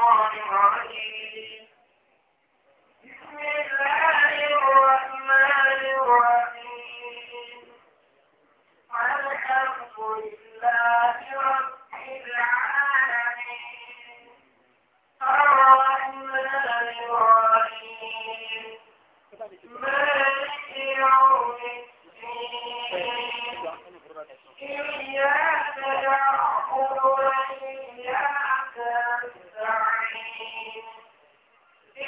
بسم الله الرحمن الرحيم لله رب العالمين الرحمن الرحيم مالك إياك نعبد وإياك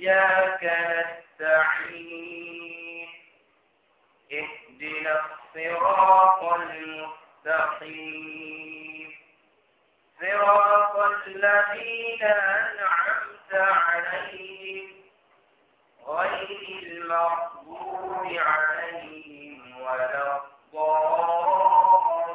إياك نستعين اهدنا الصراط المستقيم صراط الذين أنعمت عليهم غير المغضوب عليهم ولا الضالين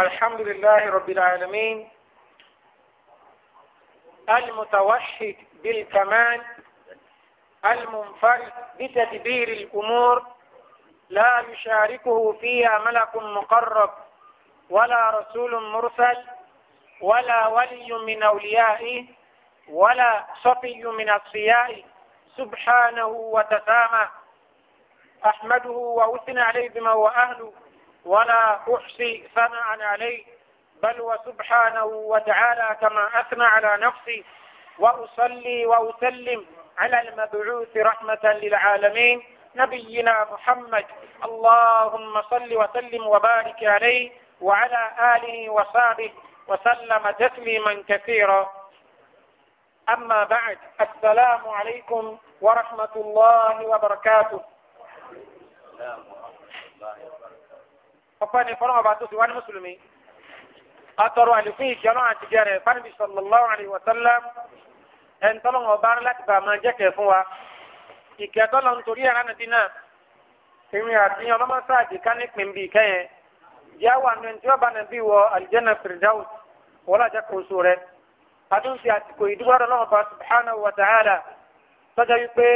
الحمد لله رب العالمين المتوحد بالكمال المنفرد بتدبير الأمور لا يشاركه فيها ملك مقرب ولا رسول مرسل ولا ولي من أوليائه ولا صفي من أصفيائه سبحانه وتسامى أحمده وأثنى عليه بما هو أهله ولا أحصي ثناء عليه بل وسبحانه وتعالى كما أثنى على نفسي وأصلي وأسلم على المبعوث رحمة للعالمين نبينا محمد اللهم صل وسلم وبارك عليه وعلى آله وصحبه وسلم تسليما كثيرا أما بعد السلام عليكم ورحمة الله وبركاته ọpẹ́ ni fọlọ́mọ bá tó ti wá ní mùsùlùmí atọrọ àlékún ìjọlọ àti jẹrẹ fanibi sallallahu alayhi wa sallam ẹnitọlọmọ bá rẹ láti bá a máa jẹ kẹ fún wa ìkẹtọlọ nítorí ẹran nàbí náà èmi àti ọlọmọsáàdì ká ní pèmbì kẹyẹ yà wà ní ẹnití wọn bá nàbí wọ aljanna firdaus wọlé àjẹ kò so rẹ àdúnsì àtìkò ìdúró ọlọmọ bá subhanahu wa ta'ala tọjá yìí pé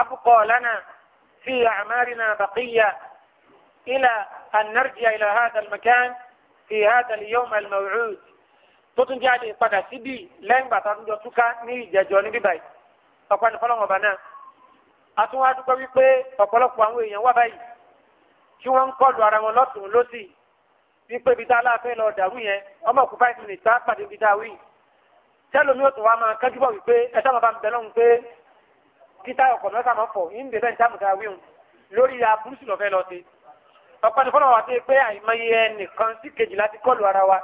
abukọ lánàá fi àmàrinà bàkìyà. إلى أن نرجع إلى هذا المكان في هذا اليوم الموعود tuntun jáde padà síbi lẹ́yìn gbàtà tó jọ túká ní ìjẹjọ níbí báyìí ọ̀pọ̀ ní fọlọ́wọ́n ọba náà àtúnwá dúpẹ́ wípé ọ̀pọ̀lọpọ̀ àwọn èèyàn wá báyìí kí wọ́n ń kọlu ara wọn lọ́tùn lósì wípé ibi tá a láàfẹ́ lọ dàrú yẹn ọmọ òkú five minutes tá pàdé ibi tá a wí tẹ́lómi ó tún wá máa kájú bọ̀ wípé ẹ sábà ń bẹ lọ́hùn pé kí ọ̀pọ̀ni fọlọ́ wa ti pé àìmọye ẹnìkan sí kejì láti kọlu ara wa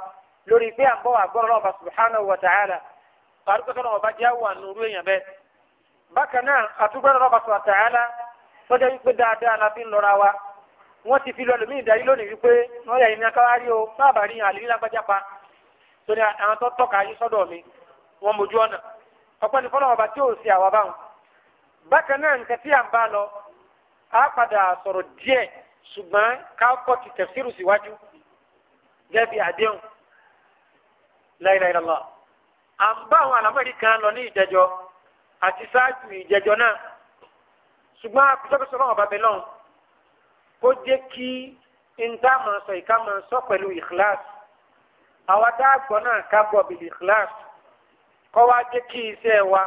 lórí pé à ń bọ̀ wà gbọ́rọ̀ lọ́wọ́ bá subhanahu wa ta'ala àdúgbò tó lọ́wọ́ bá jẹ́ àwọn ànúrú èèyàn bẹ́ẹ̀. bákan náà àtúgbò lọ́wọ́ bá subhanahu wa ta'ala sọ́jà wípé dáadáa la fi ń lọ́ra wa wọ́n ti fi lọ́lùmí ìdarí lónìí wípé wọ́n yà ìní akáwárí o sábà rí àlèrí lágbájá pa torí àwọn tó tọ́ka ayé sọ́dọ̀ mi wọ́n mojú ọ̀nà ọ̀pọ̀ni fọlọ́wọ́ bá tí ò sí àwa báwọn. bákan náà nǹkan tí à ń bá lọ á padà sọ̀rọ̀ díẹ̀ ṣùgbọ́n káàkọ́ ti tẹ̀síìrù síwájú gẹ́bí àdéhùn láìláìlọ́lá. à ń bá àwọn àlámọ̀rí kan lọ ní ìjẹjọ́ àti ṣáájú ìjẹjọ́ náà ṣùgbọ́n akutọ́kọsọ náà ọba bẹ́lọ́n kó jẹ́ kí nta máa sọ ìka máa sọ pẹ̀lú ìkíláàsì àwa dáàgbọ́ náà ká bọ̀ bìlì ìkíláàsì kọ́ wá jẹ́ kí iṣẹ́ wa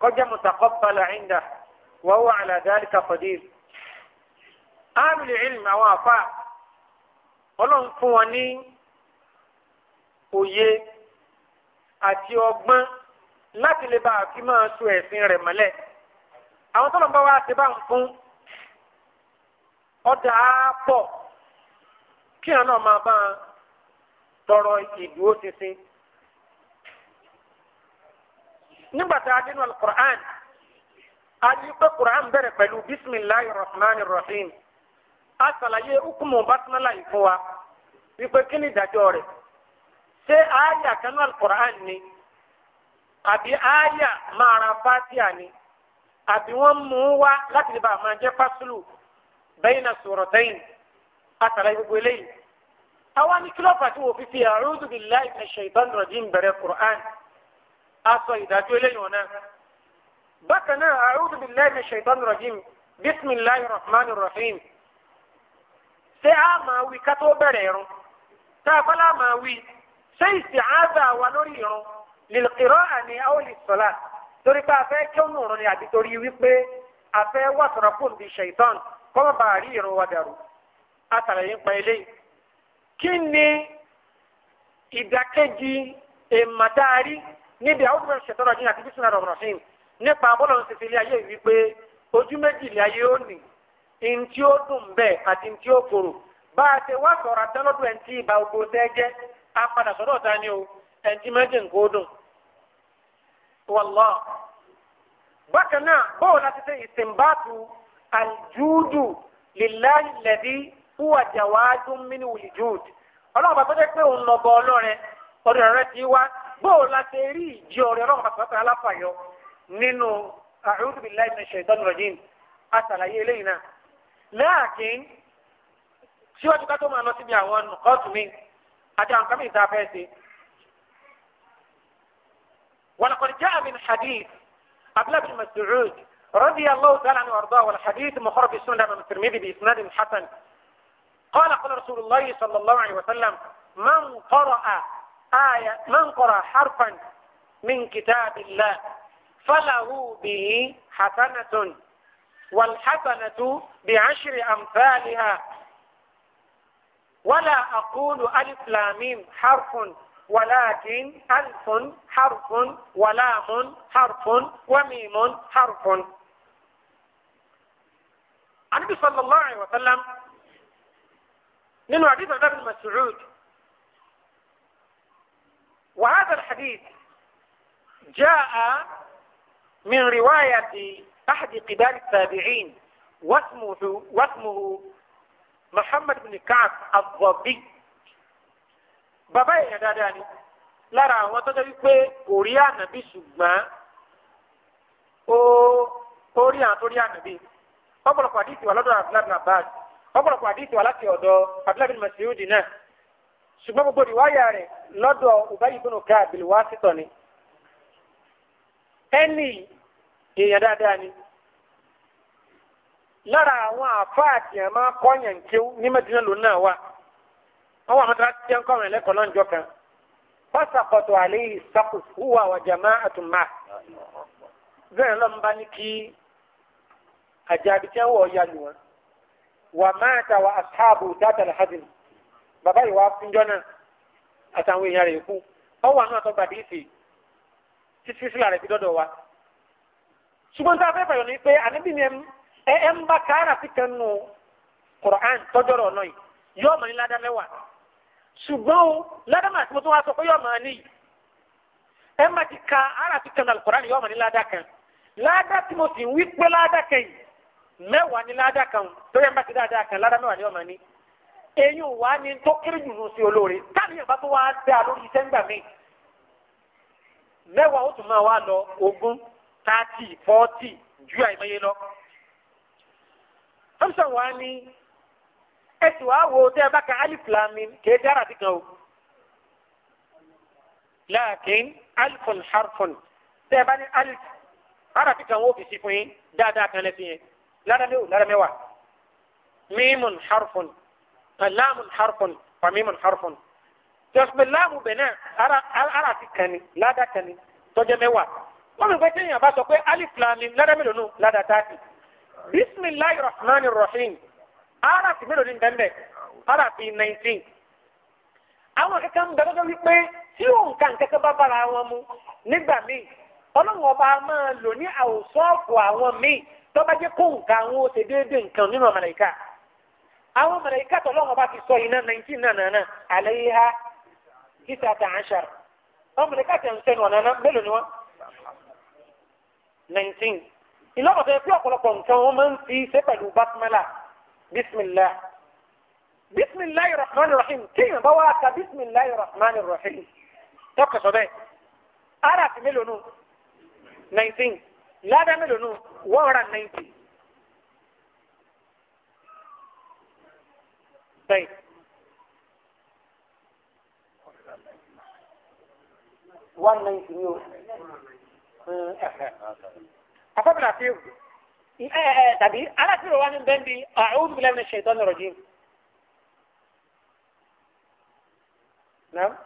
kọjá mùtàkọ́ balà ìndà wọ́wọ́ àlàdá àlìkà fọ̀díìlì ámìlì ìlmì àwọn àfa ọlọ́run fún wọn ní òye àti ọgbọ́n láti lè bá àfi máa so ẹ̀sìn rẹ̀ mọ́lẹ̀ àwọn tó lọ bá wá ṣe bá ń fún ọ̀dà á pọ̀ kí àwọn náà máa bá tọrọ ìdúró ṣinṣin nígbàtà adínú alukur'an a ní pé kur'an bẹ̀rẹ̀ pẹ̀lú bisimilahi rahman rahim a sàlàyé hukumu basmala yìí fún wa wípé kí ni ìdájọ́ rẹ̀ ṣé àyà kanú alukur'an ni àbí àyà mara fatia ni àbí wọ́n mú wá láti lè bá a máa jẹ́ fásúlù bẹ́yìn náà sọ̀rọ̀ tẹ́yìn a sàlàyé gbogbo eléyìí. àwa ní kílọ̀pù àti òfin fi a'udhu billahi minash shaitanir rajim bẹ̀rẹ̀ kur'an a sọ ìdájọ́ eléyìí wọn náà. bákan náà a'udhu billahi minash shaitanir rajim bismillahir rahmanir rahim ṣé a máa wí ká tó bẹ̀rẹ̀ irun tá a kọ́lá máa wí ṣé isti'aza wa lórí irun lil qira'a ni aw lis salat torí pé a fẹ́ kí ó nùrún ni àbí torí wípé a fẹ́ wà sọ̀rọ̀ kó n di ṣèitán kó má bàa rí irun wa dàrú a sàlàyé ń pa eléyìí kí ni ìdákẹ́jì èèmàdárí níbi àwọn òṣìṣẹ́ ṣètọ́rọ̀ yín àti bísí náà rọ̀rọ̀ sí nípa bọ́lọ̀ ń ilé ayé wípé ojú méjì ilé ayé ó nì ntí ó dùn bẹ́ẹ̀ àti ntí ó korò bá a ṣe wá sọ̀rọ̀ àtẹ́lọ́dún ẹ̀ntì ìbá ogbó sẹ́jẹ́ a padà sọ́dọ̀ ta ni o ẹ̀ntì méjì nǹkó dùn. wàllá bákan náà bóun láti ṣe ìsìnbátu aljúdù lillahi lẹ́bí huwa jawadun mínú ìjúd ọlọ́run bàtọ́ jẹ́ pé òun lọ bọ ọlọ́rẹ ọdún rẹ ti wá bóun láti rí ìjì ọ̀rẹ́ ọlọ́run bàtọ́ tẹ aláfàyọ nínú a'udhu billahi minash shaitanir rajim àtàlàyé eléyìí náà láàkín síwájú ká tó máa lọ síbi àwọn nùkọ́tù mi àti àwọn kan mi ta fẹ́ ṣe. ولقد جاء من حديث عبد الله بن مسعود رضي الله تعالى عنه وارضاه والحديث مخرج في السنن من الترمذي باسناد حسن قال قال رسول الله صلى الله عليه وسلم من قرأ آية من قرأ حرفا من كتاب الله فله به حسنة والحسنة بعشر أمثالها ولا أقول ألف لامين حرف ولكن ألف حرف ولام حرف وميم حرف النبي صلى الله عليه وسلم من حديث عبد بن مسعود وهذا الحديث جاء من رواية أحد كبار التابعين واسمه واسمه محمد بن كعب الضبي bàbá yẹn dáadáa ni lára àwọn tó jẹ́ wípé kò rí ànábì ṣùgbọ́n ó ó rí àwọn tó rí ànábì ọ̀pọ̀lọpọ̀ àdìsí wà lọ́dọ̀ abdullahi bin abbas ọ̀pọ̀lọpọ̀ àdìsí wà láti ọ̀dọ̀ abdullahi bin masiudi náà ṣùgbọ́n gbogbo ìwáyà rẹ̀ lọ́dọ̀ ubayi bin kaab al-wasitani ẹni èèyàn dáadáa ni lára àwọn àfáàtì àmọ́ kọ́yàn kéwú ní n'ime ló náà wà wọ́n wà mọ́tàlá tiẹ́ ń kọ́rin lẹ́kọ̀ọ́ náà jọ kan pásítàkọ̀tò àlẹ́ ìsàkó wúwà wàjà má àtùmá bẹ́ẹ̀ lọ́n bá ní kí àjàbí tí wọ́n yà lù wọ́n wà máa ta wà dátàlá bàbá yìí wà fúnjọ́ náà àtàwọn èèyàn rẹ̀ kú títí fi dọ́dọ̀ wa. ṣùgbọ́n tá a fẹ́ fàyọ̀ ni pé ànábì ni ẹ ń bá sí kan nù Qur'an tọ́jọ́rọ̀ ọ̀nà yìí yóò mọ̀ ní ládàá mẹ́wàá ṣùgbọ́n o ládàá tún wá sọ pé ní yìí ẹ má ti ka ara kan nù Qur'an yóò ní ládàá kan ládàá tí mo sì ń wí pé ládàá kan yìí mẹ́wàá ní ládàá kan tó yẹ ń bá ti dáadáa kan ládàá mẹ́wàá ni yóò ní eyín tó kéré jù lọ sí olóore thirty forty ju àìmọye lọ. Thompson wa ni ẹ sì wá wo tẹ́ ẹ bá ka alif lamin kìí dára ti kan o. Láàkín alifun harfun tẹ́ ẹ bá ní alif ara ti kan wo fi si fún yín dáadáa kan lẹ́sìn yẹn lára mẹ́wò lára mẹ́wàá. Mímun harfun láàmùn harfun fàmímùn harfun. Jọ̀sùn láàmù bẹ̀ náà ara ti kan ni ládàá kan ni tọ́jọ́ mẹ́wàá. wọ́n mi gbé tí èèyàn bá sọ pé alif lamim ládàá mélòó nù ládàá táàkì bisimilahi rahman rahim arafi mélòó ní bẹ́ẹ̀ arafi nineteen àwọn akẹ́kẹ́ ń bẹ̀rẹ̀ wípé tí òǹkà nkẹ́kẹ́ bá bára mu nígbà míì ọlọ́run ọba máa lò ní àwòsọ́ọ̀fù àwọn míì tó bá jẹ́ kó nǹkan àwọn ó déédéé nǹkan nínú àwọn tó ọlọ́run ọba ti sọ iná nineteen náà nàá náà àlẹ́ yìí ha kí sàtà tẹ̀ ń sẹ́nu nineteen ìlọ́kọ̀tà ẹ̀ pé ọ̀pọ̀lọpọ̀ nǹkan wọn máa ń fi ṣe pẹ̀lú basmala bismillah bismillah rahman rahim kéèyàn bá wá ka bismillah rahman rahim tọkọtọ bẹ́ẹ̀ ara fi mélòó nù nineteen ládàá mélòó nù one hundred one ninety new أفهم العصير تبي أنا في روان بندي أعوذ بالله من الشيطان الرجيم نعم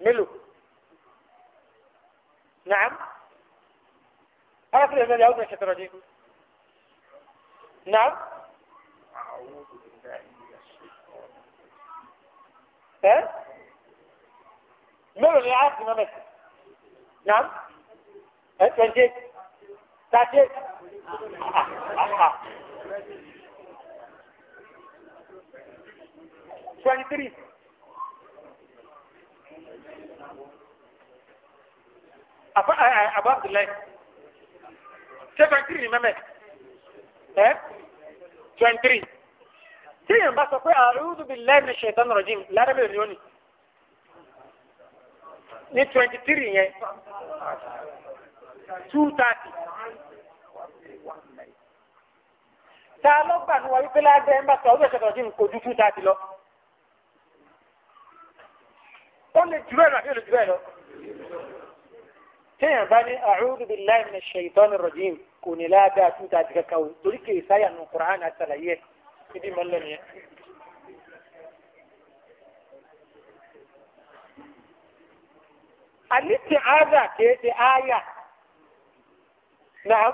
ملو نعم أنا في روان بندي أعوذ بالله من الشيطان الرجيم نعم أعوذ ẹ mélòó ni áàtì mọ́mẹ́ nam ẹ twenty eight thirty eight twenty three. Afa Abu Abdullahi ṣé twenty three ni mẹ́mẹ́ ẹ twenty three téèyàn bá sọ pé a'udhu billahi minash shaitanir rajim lárẹ́bẹ̀ ni ó ní ní twenty three yẹn two thirty. ta ló gbà ní wọ́n wípé ládé ẹ̀ ń bá sọ ọ́dún ẹ̀ṣẹ̀ tọ̀jú kò ju two thirty lọ. ó lè jù bẹ́ẹ̀ lọ àbí ó lè jù bẹ́ẹ̀ lọ. téèyàn bá ní a'udhu billahi minash shaitanir rajim kò ní ládàá two kankan torí kì sáyà nù Kùránì àtàlàyé ẹ̀ ibi mọ́ lẹ́nu yẹn. àlìtì ága kìí ṣe áyà náà.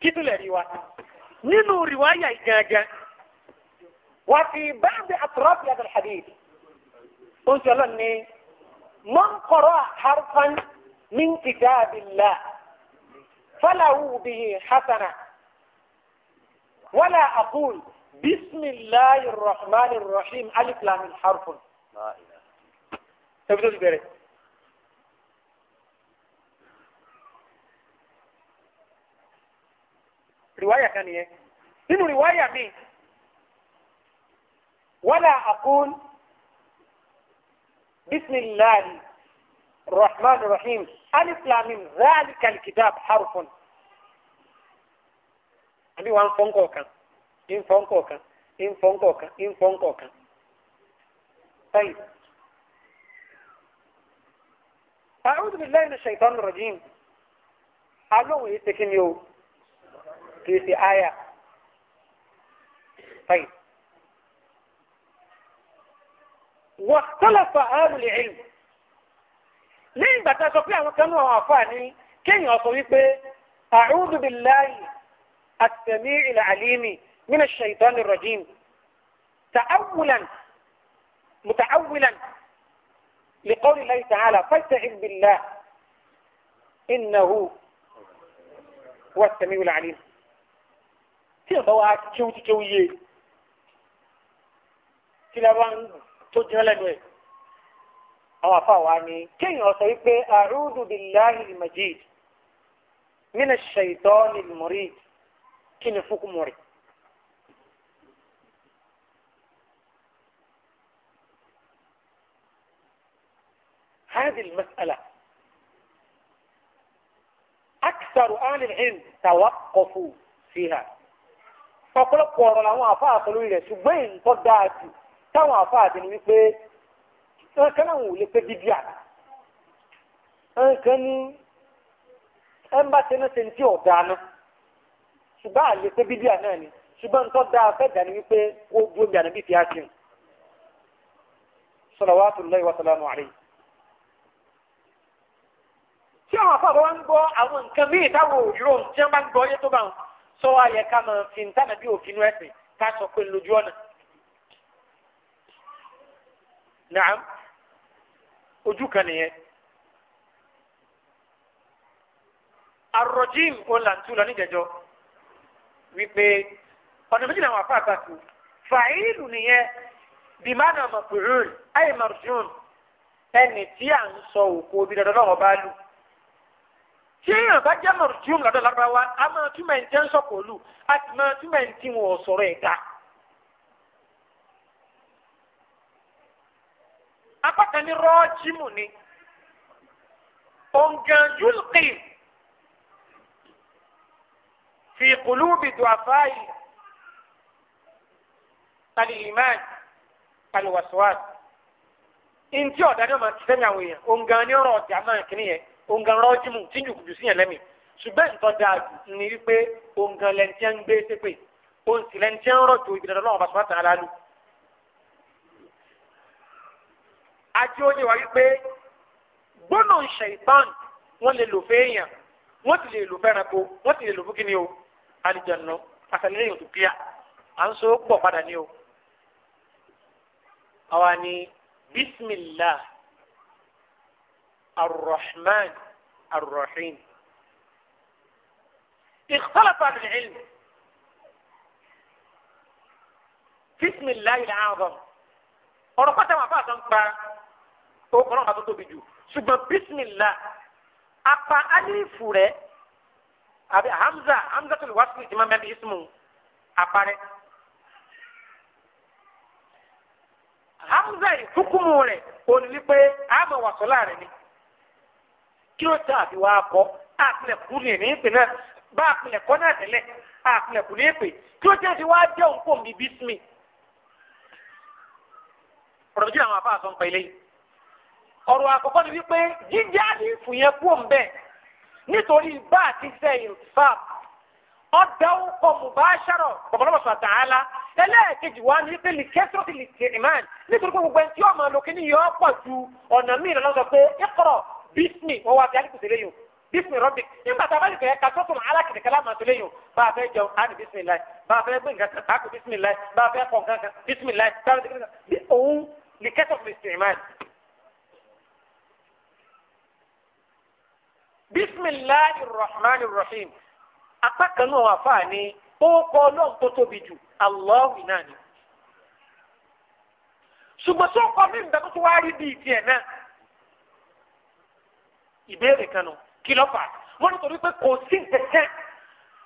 Kítúlẹ̀ rí wa. Nínú rìwáyà ìgangan, wà fi báàbí àtúrọ́pì àtàlhàdì. Oúnjẹ ọlọ́run ní من قرأ حرفا من كتاب الله فله به حسنة ولا أقول بسم الله الرحمن الرحيم ألف لام حرف لا إله تبدو البرد رواية ثانية إنه رواية مين ولا أقول بسم الله الرحمن الرحيم ألف لام ذلك الكتاب حرف أبي وان فونكوكا إن فونكوكا إن فونكوكا إن فونكوكا طيب أعوذ بالله من الشيطان الرجيم ألو يتكن يو في آية طيب واختلف اهل العلم لين بتا سو بي كانوا وافاني كين او اعوذ بالله السميع العليم من الشيطان الرجيم تاولا متاولا لقول الله تعالى فاستعن بالله انه هو السميع العليم تي بوا تشو تشو يي تي لا tó jẹ́ lẹ́nu ẹ̀ àwọn afa wa ni kéèyàn sọ wípé a'udhu billahi al-majid minash shaitani al-murid kí ni fúkúmù rẹ̀. هذه المسألة أكثر أهل العلم توقفوا فيها فقل قرر لهم أفاصلوا إليه سبين قد táwọn àfáàdì ni wípé nǹkan náà wò lè pé bíbí àná nǹkan ní ẹnba tẹ́lẹ̀ tẹ́lẹ̀ tí ọ̀dà náà ṣùgbọ́n àlè pé bíbí àná ni ṣùgbọ́n ń tọ́ da afẹ́dà ni wípé kó o dúró bí àná bí fi á ṣe ń salawatullahi wa salamu alayhi. tí àwọn afọ àbáwá ń gbọ́ àwọn nǹkan míì táwọn òyìnbó tí wọ́n bá ń gbọ́ yé tó bá ń sọ ayẹ máa fi ń tànà bí òfin ẹ̀sìn ká sọ pé lójú ọ̀nà. نعم، ojú kan الرجيم arrojim ó là ń أنا lọ níjẹjọ wípé ọ̀nà méjìlá àwọn afáàgbà tó fàáìlù nìyẹn bìmánà mọ̀pẹ̀rún ayé marjun ẹni tí à ń sọ òkú omi dandan náà wọ́n bá lù tí èèyàn bá jẹ́ marjun lọ́dọ̀ lárúbáwá a máa túmọ̀ ẹ̀ ń tẹ́ ń sọ pọ̀ lù a sì máa túmọ̀ ẹ̀ ń tí wọn ò sọ̀rọ̀ ẹ̀ dáa. apá kan ní rọ́ọ̀jìmù ni òǹgàn yulqi fi qulubi du'afai al-iman al-waswas ntí ọ̀dà ni ọmọ akíkẹ́ ní àwọn èèyàn òǹgàn ní ọ̀rọ̀ ọ̀dà máa kìíní yẹn òǹgàn rọ́ọ̀jìmù tí yòókù jù sí yẹn lẹ́mìí ṣùgbọ́n nǹkan dáa ni wípé òǹgàn lẹ́ntì ń gbé ṣépè òǹsì lẹ́ntì ń rọ̀ tó ìgbìlẹ̀ lọ́wọ́ bá sọ́ọ́ àti ó yẹ wá wípé gbóná ṣèitán wọ́n lè lò fẹ́yàn wọ́n ti lè lò fẹ́ranko wọ́n ti lè lò fún kíni o alìjẹ̀nà àtàlẹ́yìn òtún kíá à ń so pọ̀ padà ní o. àwa ni bismillah arrahman arrahim. اختلف أهل العلم في اسم الله الأعظم ورقة ما فاتن ó kọ́ náà bá tó tóbi jù ṣùgbọ́n bísímìlá apá alifu rẹ̀ àbí hamza hamza tó lè wá sí ìdí máa bẹ́ẹ̀ bí ismu apá hamza yìí hukumu rẹ̀ òní wípé àmọ̀ wàsọ́lá rẹ̀ ni kí ló tẹ àbí wàá kọ́ àpilẹ̀kù ní ní ìpè náà bá àpilẹ̀kọ́ náà tẹ̀lẹ̀ àpilẹ̀kù ní ìpè kí ló tẹ àbí wàá jẹ́ òǹkó mi bísímì. ọ̀rọ̀ méjìlá àwọn afáàsọ̀ ń pa eléyìí ọ̀rọ̀ àkọ́kọ́ ni wípé jíjẹ́ àlèfù yẹn kú òǹbẹ̀ nítorí bá a ti sẹ́ ìfàp ọ̀dà òkò mùbáṣárọ̀ bọ̀bọ̀lọ́bọ̀sọ̀ àtàhálà ẹlẹ́ẹ̀kejì wa ni wípé lìkẹ́sọ̀rọ̀ ti lìtìrìmán nítorí pé gbogbo ẹni tí ọmọ lòkè ní yọ pọ̀ ju ọ̀nà mìíràn lọ́sọ pé ẹ̀kọ́rọ̀ bísmì wọ́n wá fi àdìkùsẹ̀ lẹ́yìn bísmì rọ́bì nígbà tá a bá lè fẹ́ ka sọ́tún alákìtẹ̀kẹ́ lámàtó lẹ́yìn bá a fẹ́ jẹun á ní bísmì láì bá a fẹ́ gbé nǹkan kan á kó bísmì láì bá a fẹ́ kọ̀ nǹkan kan bísmì láì bá a fẹ́ bisimilahi rahman rahim apá kan náà wà fáà ní orúkọ ọlọ́run tó tóbi jù allahu náà ni. ṣùgbọ́n tó ń kọ́ mí nígbà tó tó wáá rí bíi tiẹ̀ náà ìbéèrè kan nù kí ló fà á wọ́n nítorí pé kò sí nkẹ́kẹ́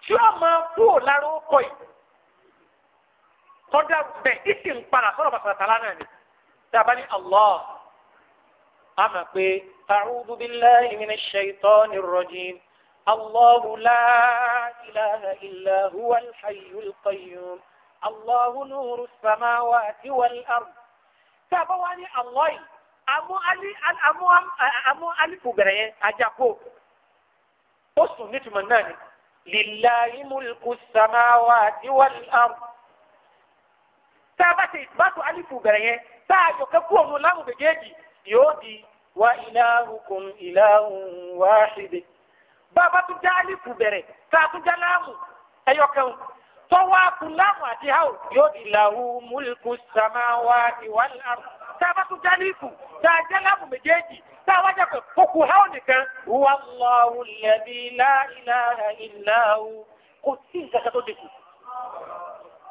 tí ó máa kú ò lára orúkọ yìí tọ́jà bẹ́ẹ̀ ìsìn padà sọ̀rọ̀ bàtàlá náà ni tí a bá ní allah a máa pé. أعوذ بالله من الشيطان الرجيم الله لا إله إلا هو الحي القيوم الله نور السماوات والأرض تابواني الله أمو علي أمو أمو علي كبرين أجاكو أصل نتمنى لله ملك السماوات والأرض تابتي إثبات علي كبرين تاجو كفو ملام بجيجي يودي wa ilahukum ilahun wahid bàbá tún já alifu bẹ̀rẹ̀ tá a tún já láàmù ẹyọkẹun tọwọ́ akun láàmù àti hàù yóò di lahu mulku samawati wal ard tá a bá tún já alifu tá a já láàmù méjèèjì tá a wá jẹ́ pé kókò hàù nìkan ilaha illa hu kò sí ìjàkadó dìkù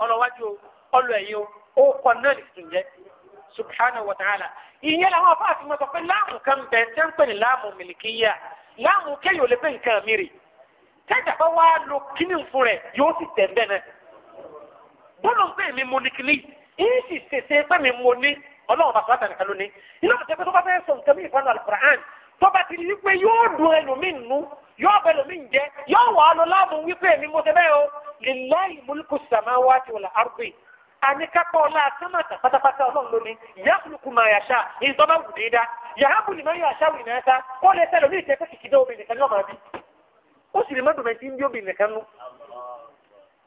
ọlọ́wájú ọlọ́ ẹ̀yìn o ó kọ náà subhanahu wa ta'ala ìyẹn làwọn afọ àti mọ̀tò pé láàmù kan bẹ̀ tẹ́ ń pè ní láàmù mìlìkìyà láàmù kéyò lè pé nǹkan mìíràn tẹ́jà bá wá lo kíní fún rẹ̀ yóò sì tẹ̀ bẹ́ẹ̀ náà bọ́lọ̀ ń pè mí mo ní kíní yìí sì ṣèṣe pé mi mo ní ọlọ́run bá sọ́ọ́tà nìkan lónìí iná tó ṣe pé tó bá fẹ́ sọ nǹkan mí ìfọ́nà alukur'an tó bá ti rí pé yóò dùn ẹlòmíì nù yóò bẹ ẹlòmíì jẹ yóò wà á lọ láàmú wípé mi mo ṣe bẹ́ẹ̀ o lillahi mulku samawati wal ardi àníkápọ̀ ọlá ọla a ọlọ́run lónìí ìyá olùkù máa yàṣà ìtọ́ba wù ní dá yàhábù ni máa yàṣà wù ní ẹ̀ta ó lè sẹ́lẹ̀ oníjẹ́ pé kìkì dá obìnrin kan ní ọmọ bí ó sì lè má ń bí obìnrin kan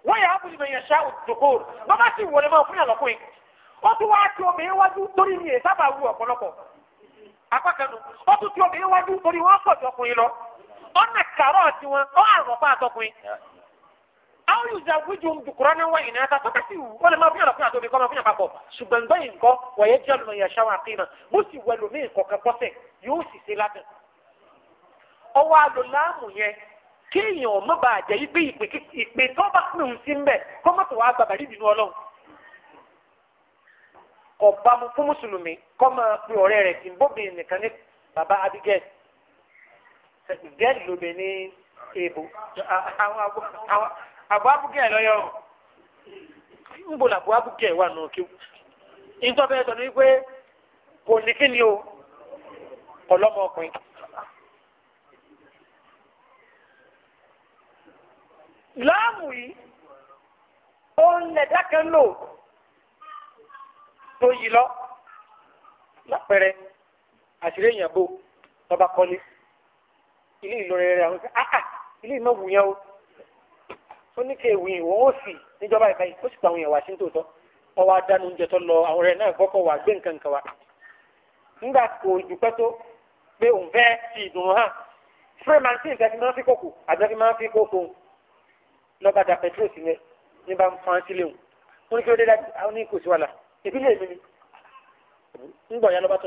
wọ́n yahabu ni máa yàṣà òdòdó bàbá sì wọlé máa fún yàlọ́kùnrin ó tún wá tí obìnrin wájú torí ni ọ̀pọ̀lọpọ̀ ó tún tí obìnrin wájú aw yu zawiju dukurana wa ina ta tọ́ka sí wù wọ́n lè máa fún yàrá fún yàrá tóbi kọ́ máa fún yàrá papọ̀ ṣùgbọ́n gbọ́ yìí nǹkan wọ́n yẹ jẹ́ lọ́mọ yàrá wa kéèna mo sì wẹ̀ lómi ìkọ̀kẹ́ bọ́sẹ̀ yóò sì ṣe ládùn. ọwọ́ àlò láàmù yẹn kéèyàn ọmọ bá jẹ́ ipe ìpè tó bá pè ń sí mbẹ̀ kọ́ má tó wàá gbàgbà nídìínú ọlọ́run. ọba mu fún mùsùlùmí kọ́ máa pe ọ̀rẹ́ rẹ̀ sí bóbìnrin nìkan ní bàbá abigail gẹ́ẹ̀lì lóbìnrin èèbò àwọn àbọ̀ abúkẹ́ lọ́yọ̀ ń bò làbọ̀ abúkẹ́ wà nù kí ntọ́fẹ́ kò ní o láàmù yìí ó ń lò tó yí lọ lápẹẹrẹ àṣírí èèyàn bò ó ní kéwì ìwọ̀n ó sì níjọba ìka yìí ó sì pa àwọn èèyàn wá sí nítòótọ́ wọ́n wá dánú oúnjẹ tó lọ àwọn ọ̀rẹ́ náà gbọ́kọ̀ wá gbé nǹkan kan wá. nígbà kò dùpẹ́ tó pé òun fẹ́ fi ìdùnnú hàn spray man tí nǹkan fi máa ń fi kókò àjọ fi máa ń fi kókò lọ́ba da petrol sí mi ní bá ń fa sílé òun ó ní kí ló dé dájú àwọn ní sí wàhálà ìbílẹ̀ mi ni ńgbọ̀nyá lọ́ba tó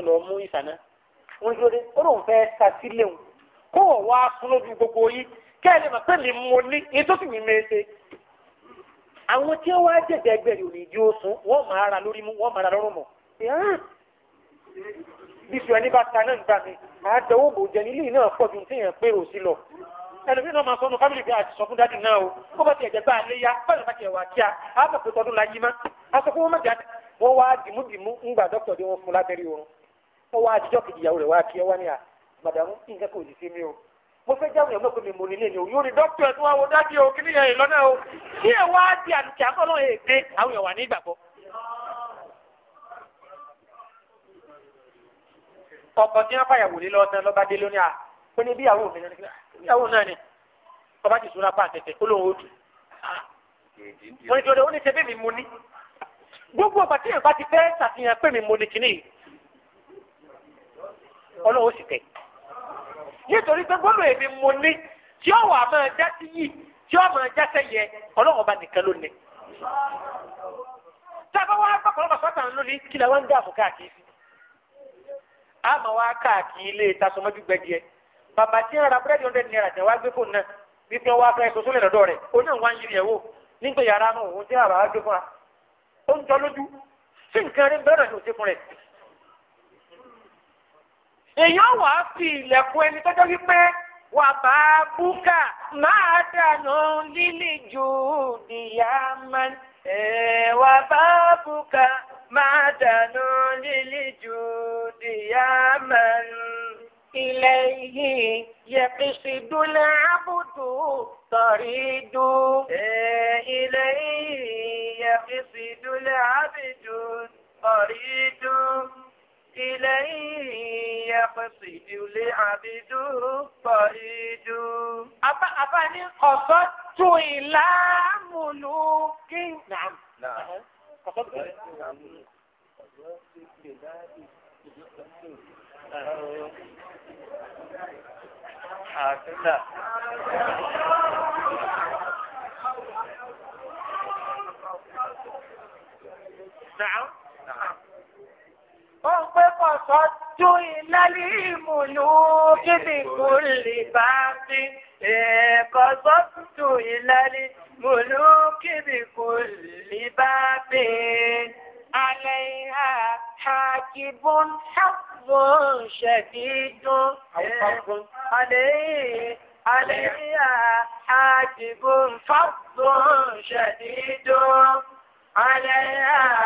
kó o wá sún lójú gbogbo yìí kẹ́ẹ̀lẹ́ mọ̀ pé mi mo ní ní tó sì mi mẹ́sẹ̀. àwọn tí wọ́n á jẹ̀jẹ̀ ẹgbẹ́ rẹ̀ ò ní di oṣù wọ́n máa ra lórí mú wọ́n máa ra lọ́rùn mọ̀. bísí ẹni bá ta náà gbà mí àdánwò bò jẹ nílé náà pọ̀ ju tíyẹn pérò sí lọ. ẹlòmíì náà máa sọnù fámìlì bí àti sọ fún dáàdì náà o kó bá tiẹ̀ jẹ́ bá a lé bá tiẹ̀ wà kí á bẹ̀ pé tọdún la yí màdàmú nǹkan kò sì sí mi o mo fẹ́ jáwé ẹ̀ mọ̀ pé mi mò nílé ni o yóò rí dókítà tí wọ́n wo dájú o kí nìyẹn ìlọ́nà o kí ẹ wá di àdùkì àkọ́lọ́ èdè àwọn èèyàn wà ní ìgbàgbọ́. ọkọ̀ tí wọ́n fàyàwò lé lọ́dún lọ́ba dé lónìí à pé ní ah, bíyàwó mi náà bíyàwó náà ni ọba ti sùnra pa àtẹ̀tẹ̀ ó lóun ó dùn. wọ́n ní tí wọ́n ní ṣe bẹ́ẹ̀ mi mo ní gbogbo ọgbà tí èèyàn bá ti fẹ́ ṣàfihàn pé mi mo ní kinní ọlọ́run ó sì tẹ̀ nítorí pé gbọ́dọ̀ èmi mo ní tí ó wà máa já sí yìí tí ó máa já sẹ́yẹ ọlọ́run ọba nìkan ló ní. tábà wá gbàgbọ́ bá sọ́tà ń lónìí kí la wá ń dààmú káàkiri sí. a máa wá káàkiri ilé tasọmọ́jú gbẹdìẹ bàbá tí ń ra búrẹ́dì hundred naira tẹ̀ wá gbé fóònù náà bí fi wá fẹ́ soso lè lọ́dọ̀ rẹ̀ ó náà wá ń yiri ẹ̀ wò nígbà yàrá náà òun jẹ́ àbá wá gbé fún wa ó ń jọ lójú sí nǹkan rí bẹ́ẹ̀ rẹ̀ ní òṣèkùn rẹ̀ èèyàn wà á fi ilẹ̀kùn ẹni tọ́jọ́ wípé wà bá búkà máa dànù lílì jù ìyá man wà bá búkà máa dànù lílì jù ìyá man. إليه يقصد العبد طريد إليه يقصد العبد طريد إليه يقصد لعبده الطريد أبا أبا قصدت إلى ملوك نعم نعم قصدت نعم. حسنا نعم نعم ó ń pé kò sọ tú iná ní ìmùlù kíni kò lè bá sí ẹ̀ẹ́kọ́ sọ tú iná ní ìmùlù kíni kò lè bá sí. عليها حاكب حظ شديد عليه عليها حاجب فض شديد عليها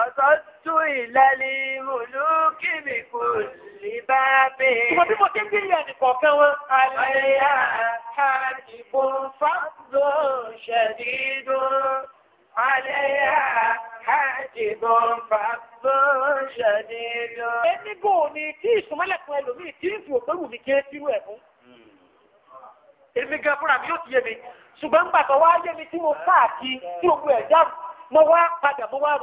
Ọ̀sọ́tú ìlẹ́lẹ̀ mùlúkì mi kò lè bá bẹ́ẹ̀. Ìwọ bí mo ti ń bí ìyá nìkan kan wọn. Àlẹ́yà àdìbò fáńdò ṣẹ̀dídùn. Àlẹ́yà àdìbò fáńdò ṣẹ̀dídùn. Ẹni bò ní tí ìsúnmọ́lẹ̀ ẹlòmíì tí ń fi òpérù mi ké sírú ẹ̀ fún. Èmi gan fúnra mi yóò ti yé mi, ṣùgbọ́n gbàtọ̀ wá yé mi tí mo káàkiri tí gbogbo ẹ̀ dáàbò. mo wá padà mo wá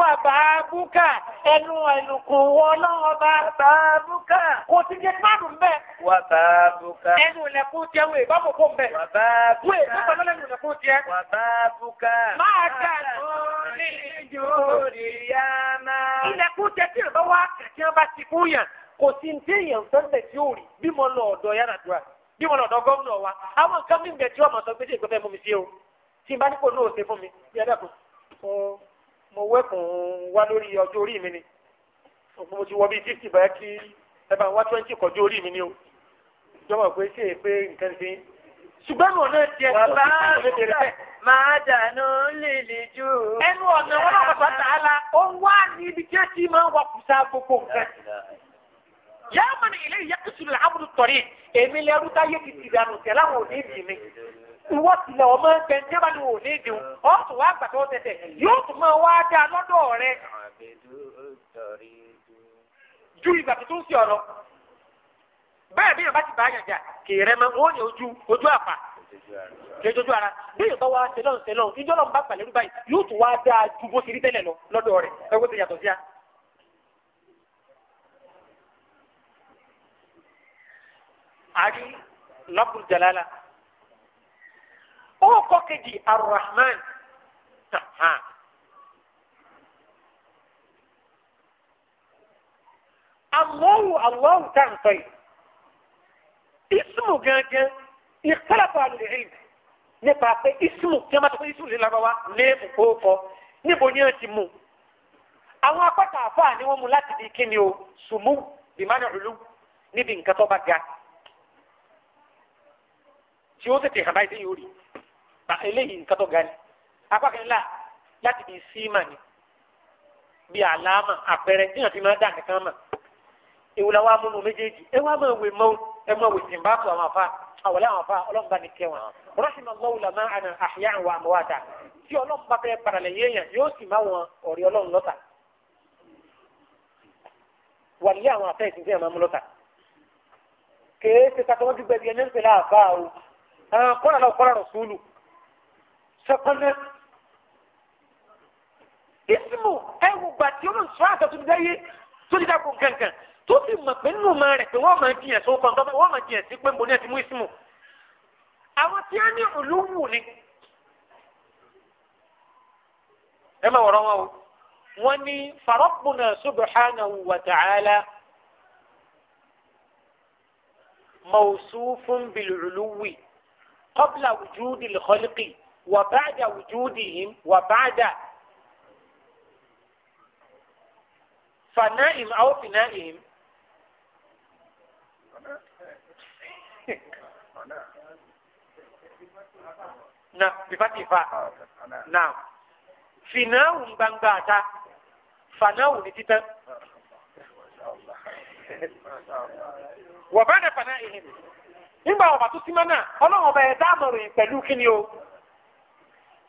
ah, bá a búkà ẹnu ẹnukù wọn náà bá a bá a búkà kò sí jẹ pàdù mbẹ. wà bá a búkà. ẹnu ilẹ̀kùn jẹ wẹ̀ bá mọ̀ kó mbẹ. bá a búkà. ẹnu jẹ. bá a búkà. máa lórí yá máa. jẹ tí ti kú yàn kò sí ní tí èèyàn tí n bá nípò náà ṣe fún mi bí ẹ dàpọ̀ mo wẹ́kùn wá lórí ọjọ́ orí mi ni mo ti wọ bíi fifty báyà kí ẹ bá wá twenty kọjú orí mi ni o jọmọ pé ṣe é pé nǹkan ti ṣùgbọ́n mọ̀ náà tiẹ̀ tó bá ṣe máa dànù lílì jù. ẹnu ọ̀nà wọn náà bàbá tààlà ó wá ní ibi tí ẹ ti máa ń wà kùsà gbogbo nǹkan. yàrá mọ̀ ní ilé ìyá kìsùn làbùdù tọ̀rí èmi lẹ́rú táyé ti ti dànù tẹ̀ láwọn òní ìbí mi ìwọ tilẹ̀ ọmọ ẹgbẹ́ ní ẹ̀bá ni wò ní ìdìwọ̀n ọ̀ tún wá gbàtọ́ ó tẹ̀tẹ̀ yóò tún máa wá dá lọ́dọ̀ rẹ. ju ìgbà tó tún sí ọ̀rọ̀ bẹ́ẹ̀ bí yorùbá ti bá yànjà kèrè rẹ máa wọ́n ní ojú ojú àpà kèrè ojú ara bí yorùbá wá sẹlọ̀ sẹlọ̀ ìjọ lọ́n bá pàlẹ́ rúbáyì yóò tún wá dá ju bó ti rí tẹ́lẹ̀ lọ lọ́dọ̀ rẹ ẹgbẹ́ tó yàtọ̀ sí a. àrí lọ́kùnrin jàlálà ó kọ́ kejì arahman tahan. Allahu Allahu tá à ń sọ yìí. Ismu gangan ìkálàpọ̀ àlùyé yìí nípa pé ismu kí a máa tọ́kọ ismu lílára wa léèmù kókọ níbo ni wọ́n ti mú. Àwọn akọ́ta àfáà ni wọ́n mú láti di kíni o sùmú bìmánà ìlú níbi nǹkan tó bá ga. Tí ó tètè hàn báyìí sí yóò rí eléyìí nǹkan tó ga ni apá kan la láti bí símà ni bí àlámà àpẹẹrẹ díyàn fi máa dà nìkan mà ewu la wa múnu méjèèjì ẹ wá máa wè mọ́ ẹ máa wè tìǹbà tó àwọn afá àwọlé àwọn afá ọlọ́mùbá ni kẹ́ wọn rọ́ṣìmọ̀ lọ́wọ́ la máa àná àhíyá àwọn àmọ́wáta tí ọlọ́mùbá fẹ́ paralẹ̀ yéèyàn yóò sì má wọn ọ̀rẹ́ ọlọ́run lọ́ta wàlẹ́ àwọn afẹ́ ìsìn tí yẹn máa mú lọ́ta kèé ṣe takọ́mọ́jú gbẹ̀bí ẹni ń pè láàbá o kọ́nà lọ kọ́nà rọ̀ sólù sọkọnẹ isimu ẹwù gbàtí ó ń sọ àtọ̀tún dáyé tó ti dàgbò kankan tó ti mọ̀ pé nínú ọmọ rẹ̀ pé wọ́n máa jiyàn sọ kàn tọ́pẹ́ wọ́n máa jiyàn sí pé mo ní ẹ mú isimu àwọn tí wọ́n ní olówó ni ẹ máa wọ̀rọ̀ wọn o wọ́n ní farọ́pùnà subhanahu wa ta'ala mawsufun bil uluwi qabla wujudi وبعد وجودهم وبعد فنائهم أو فنائهم نعم بفتح فاء نعم فناهم بنباتا فناهم لتتا وبعد فنائهم nígbà ọba tó ti mọ náà ọlọ́run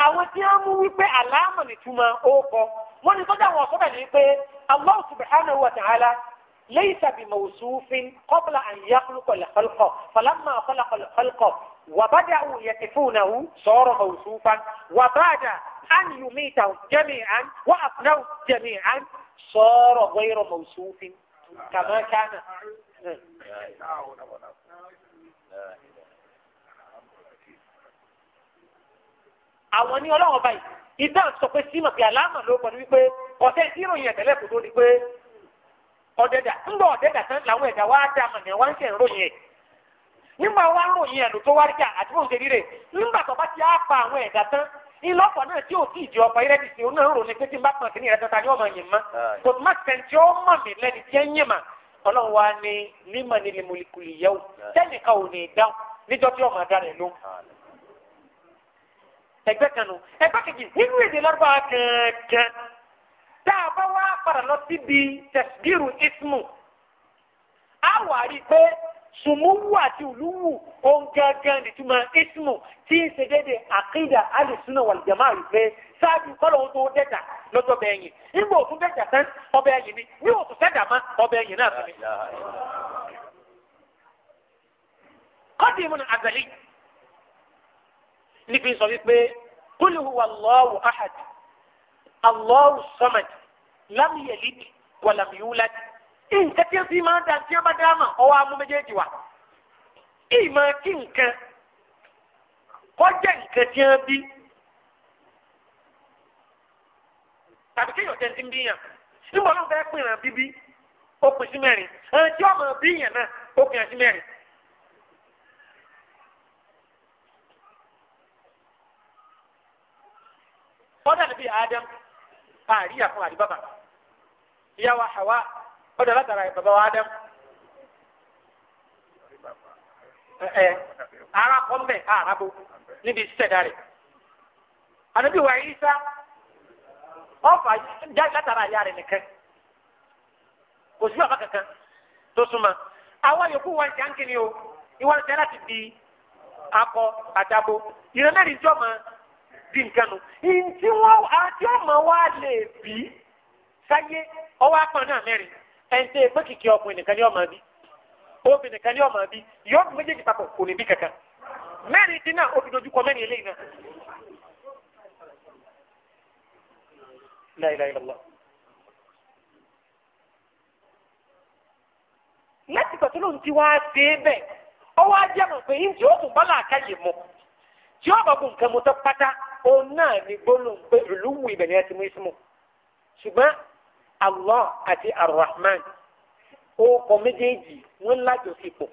àwọn tí wọ́n mú wípé àlámọ̀ nìtumọ̀ ó kọ wọ́n ní tọ́jú àwọn ọ̀sọ́bẹ̀ ní pé Allah subhanahu wa ta'ala laysa bi mawsufin qabla an yakhluqa al-khalqa falamma khalaqa al-khalqa wa bada'u yasifunahu sara mawsufan wa ba'da an yumitahu jami'an wa afnahu jami'an sara ghayra mawsufin kama kana. àwọn ní ọlọ́wọ́n báyìí ìdá sọ pé sí màkì àlámà ló kọ́ ni wípé ọ̀tẹ́ ìròyìn ẹ̀tẹ́lẹ̀ kò tó di pé ọ̀dẹ̀dà ńgbà ọ̀dẹ̀dà tán làwọn ẹ̀dá wá dá màmí wá ń ṣe ìròyìn ẹ̀ nígbà wá ròyìn ẹ̀lú tó wá rí àti bóun ṣe ti á pa àwọn ẹ̀dá tán na náà tí ò tí ì jẹ ọ̀pọ̀ irẹ́ bìsì òun náà ń pé tí n bá pọ̀ sí ní ọmọ yìí mọ́ kò má ni ni yẹ̀wò tẹ́nìkan ò ní dáhùn níjọ́ tí ọmọ ló ẹgbẹ́ kan nù ẹgbẹ́ kejì nínú èdè lọ́rùbá kankan tá a bá wá padà lọ síbi tẹ̀sígìrù ismu a wà rí i pé sùmúwù àti òlúwù ohun gangan nìtúmọ̀ ismu tí ń ṣe déédéé àkídà alìsúná wal jamaa rí pé ṣáájú kọ́lọ̀ ohun tó dẹ́jà lọ́jọ́ bẹ́ẹ̀ yìí nígbà òtún dẹ́jà tán ọbẹ̀ ẹ̀yìn ni ní òtún sẹ́dà má ọbẹ̀ ẹ̀yìn náà fún mi. kọ́dìmù níbi sọ wípé qul huwa ahad Allahu samad lam yalid wa lam yulad nǹkan tí a fi máa da tí a bá dáa ma ọwọ́ amú méjèèjì wa èyí kí nǹkan kọjá nǹkan tí a bí tàbí kéèyàn tẹ́ ti ń bíyàn nígbà náà fẹ́ pìnrán bíbí ó ọ̀dà níbi Adam àríyá fún àdìbàbà ìyàwó Hawa ọ̀dà látara bàbá wa Adam ẹ ara kọ́mbẹ̀ àràbò níbi sẹ́dá ànábì wa Isa ọ̀fà látara ìyá rẹ̀ nìkan kò sí bàbá kankan tó súnmọ́ àwọn yòókù wọn o ìwọ ni di akọ àtàbò ìrẹ́lẹ́rìí bí nǹkan nu ntí wọn àti ọmọ wa lè bí sáyé ọwọ́ apọn náà mẹ́rin ẹnitẹ pé kìkì ọkùnrin nìkan ni ọmọ bí obìnrin nìkan ni ọmọ bí yọọkùn méjèèjì papọ̀ kò ní bí kankan mẹ́rin dín náà obìnrin ojú kọ eléyìí náà. láti gbà tó lóun ti wá dé bẹ́ẹ̀ ọwọ́ ajé mọ̀ pé ntí ó tún bá mọ̀ tí ó bá òun náà ní gbólóhùn pé ìlúwù ìbẹ̀rẹ̀ ti mú ṣùgbọ́n allah àti arrahman orúkọ méjèèjì wọ́n lájọ sí pọ̀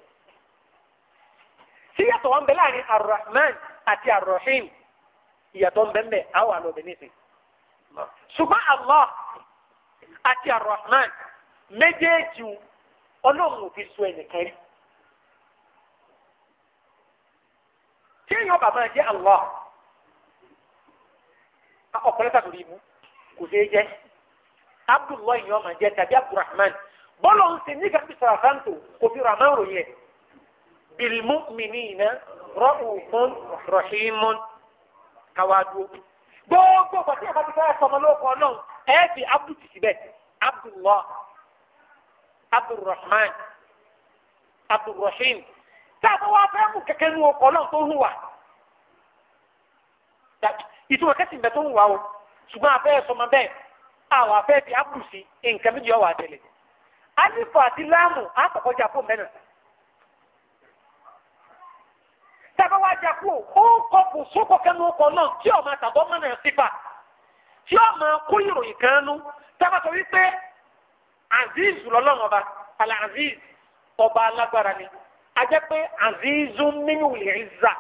yàtọ̀ wọn bẹ láàrin arrahman àti arrahim ìyàtọ̀ ń bẹ́ẹ̀ àwọn nísìn ṣùgbọ́n allah àti arrahman méjèèjì ọlọ́run ò fi ẹnìkan rí. tí èèyàn bàbá jẹ́ allah. kọ́lẹ́tà lórí imú kò ṣeé jẹ́ abdullahi ni wọ́n máa jẹ́ tàbí abdulrahman bọ́lọ̀ ń sin nígbà tí sọ̀rọ̀ sáńtò kò fi rahman ròyìn ẹ̀ bilimu minina rọ́ọ̀fún rọ̀ṣímún káwájú gbogbo pàtí àbájú fẹ́ sọmọ lóko náà ẹ̀ fi abdu ti síbẹ̀ abdullah abdulrahman abdulrahim tá a bá wá fẹ́ mú kẹ̀kẹ́ nu ọkọ̀ náà tó hùwà ìtumọ̀ kẹ́sì ń bẹ tó ń wà o ṣùgbọ́n afẹ́ sọmọ bẹ́ẹ̀ àwọn afẹ́ ti ápù sí nǹkan méjì ọ̀wà àtẹlẹ alifu àti láàmù àkọ́kọ́ jápò mẹ́nà tábà wá jápò ó kọ́ kò sókò kẹ́nu ọkọ̀ náà tí ọmọ àtàbọ̀ mọ́nà sífà tí ọmọ kó ìròyìn kan nú tábà wípé aziz lọ́lọ́run ọba àlà ọba alágbára ni a jẹ́ pé azizu minhu lè rí zà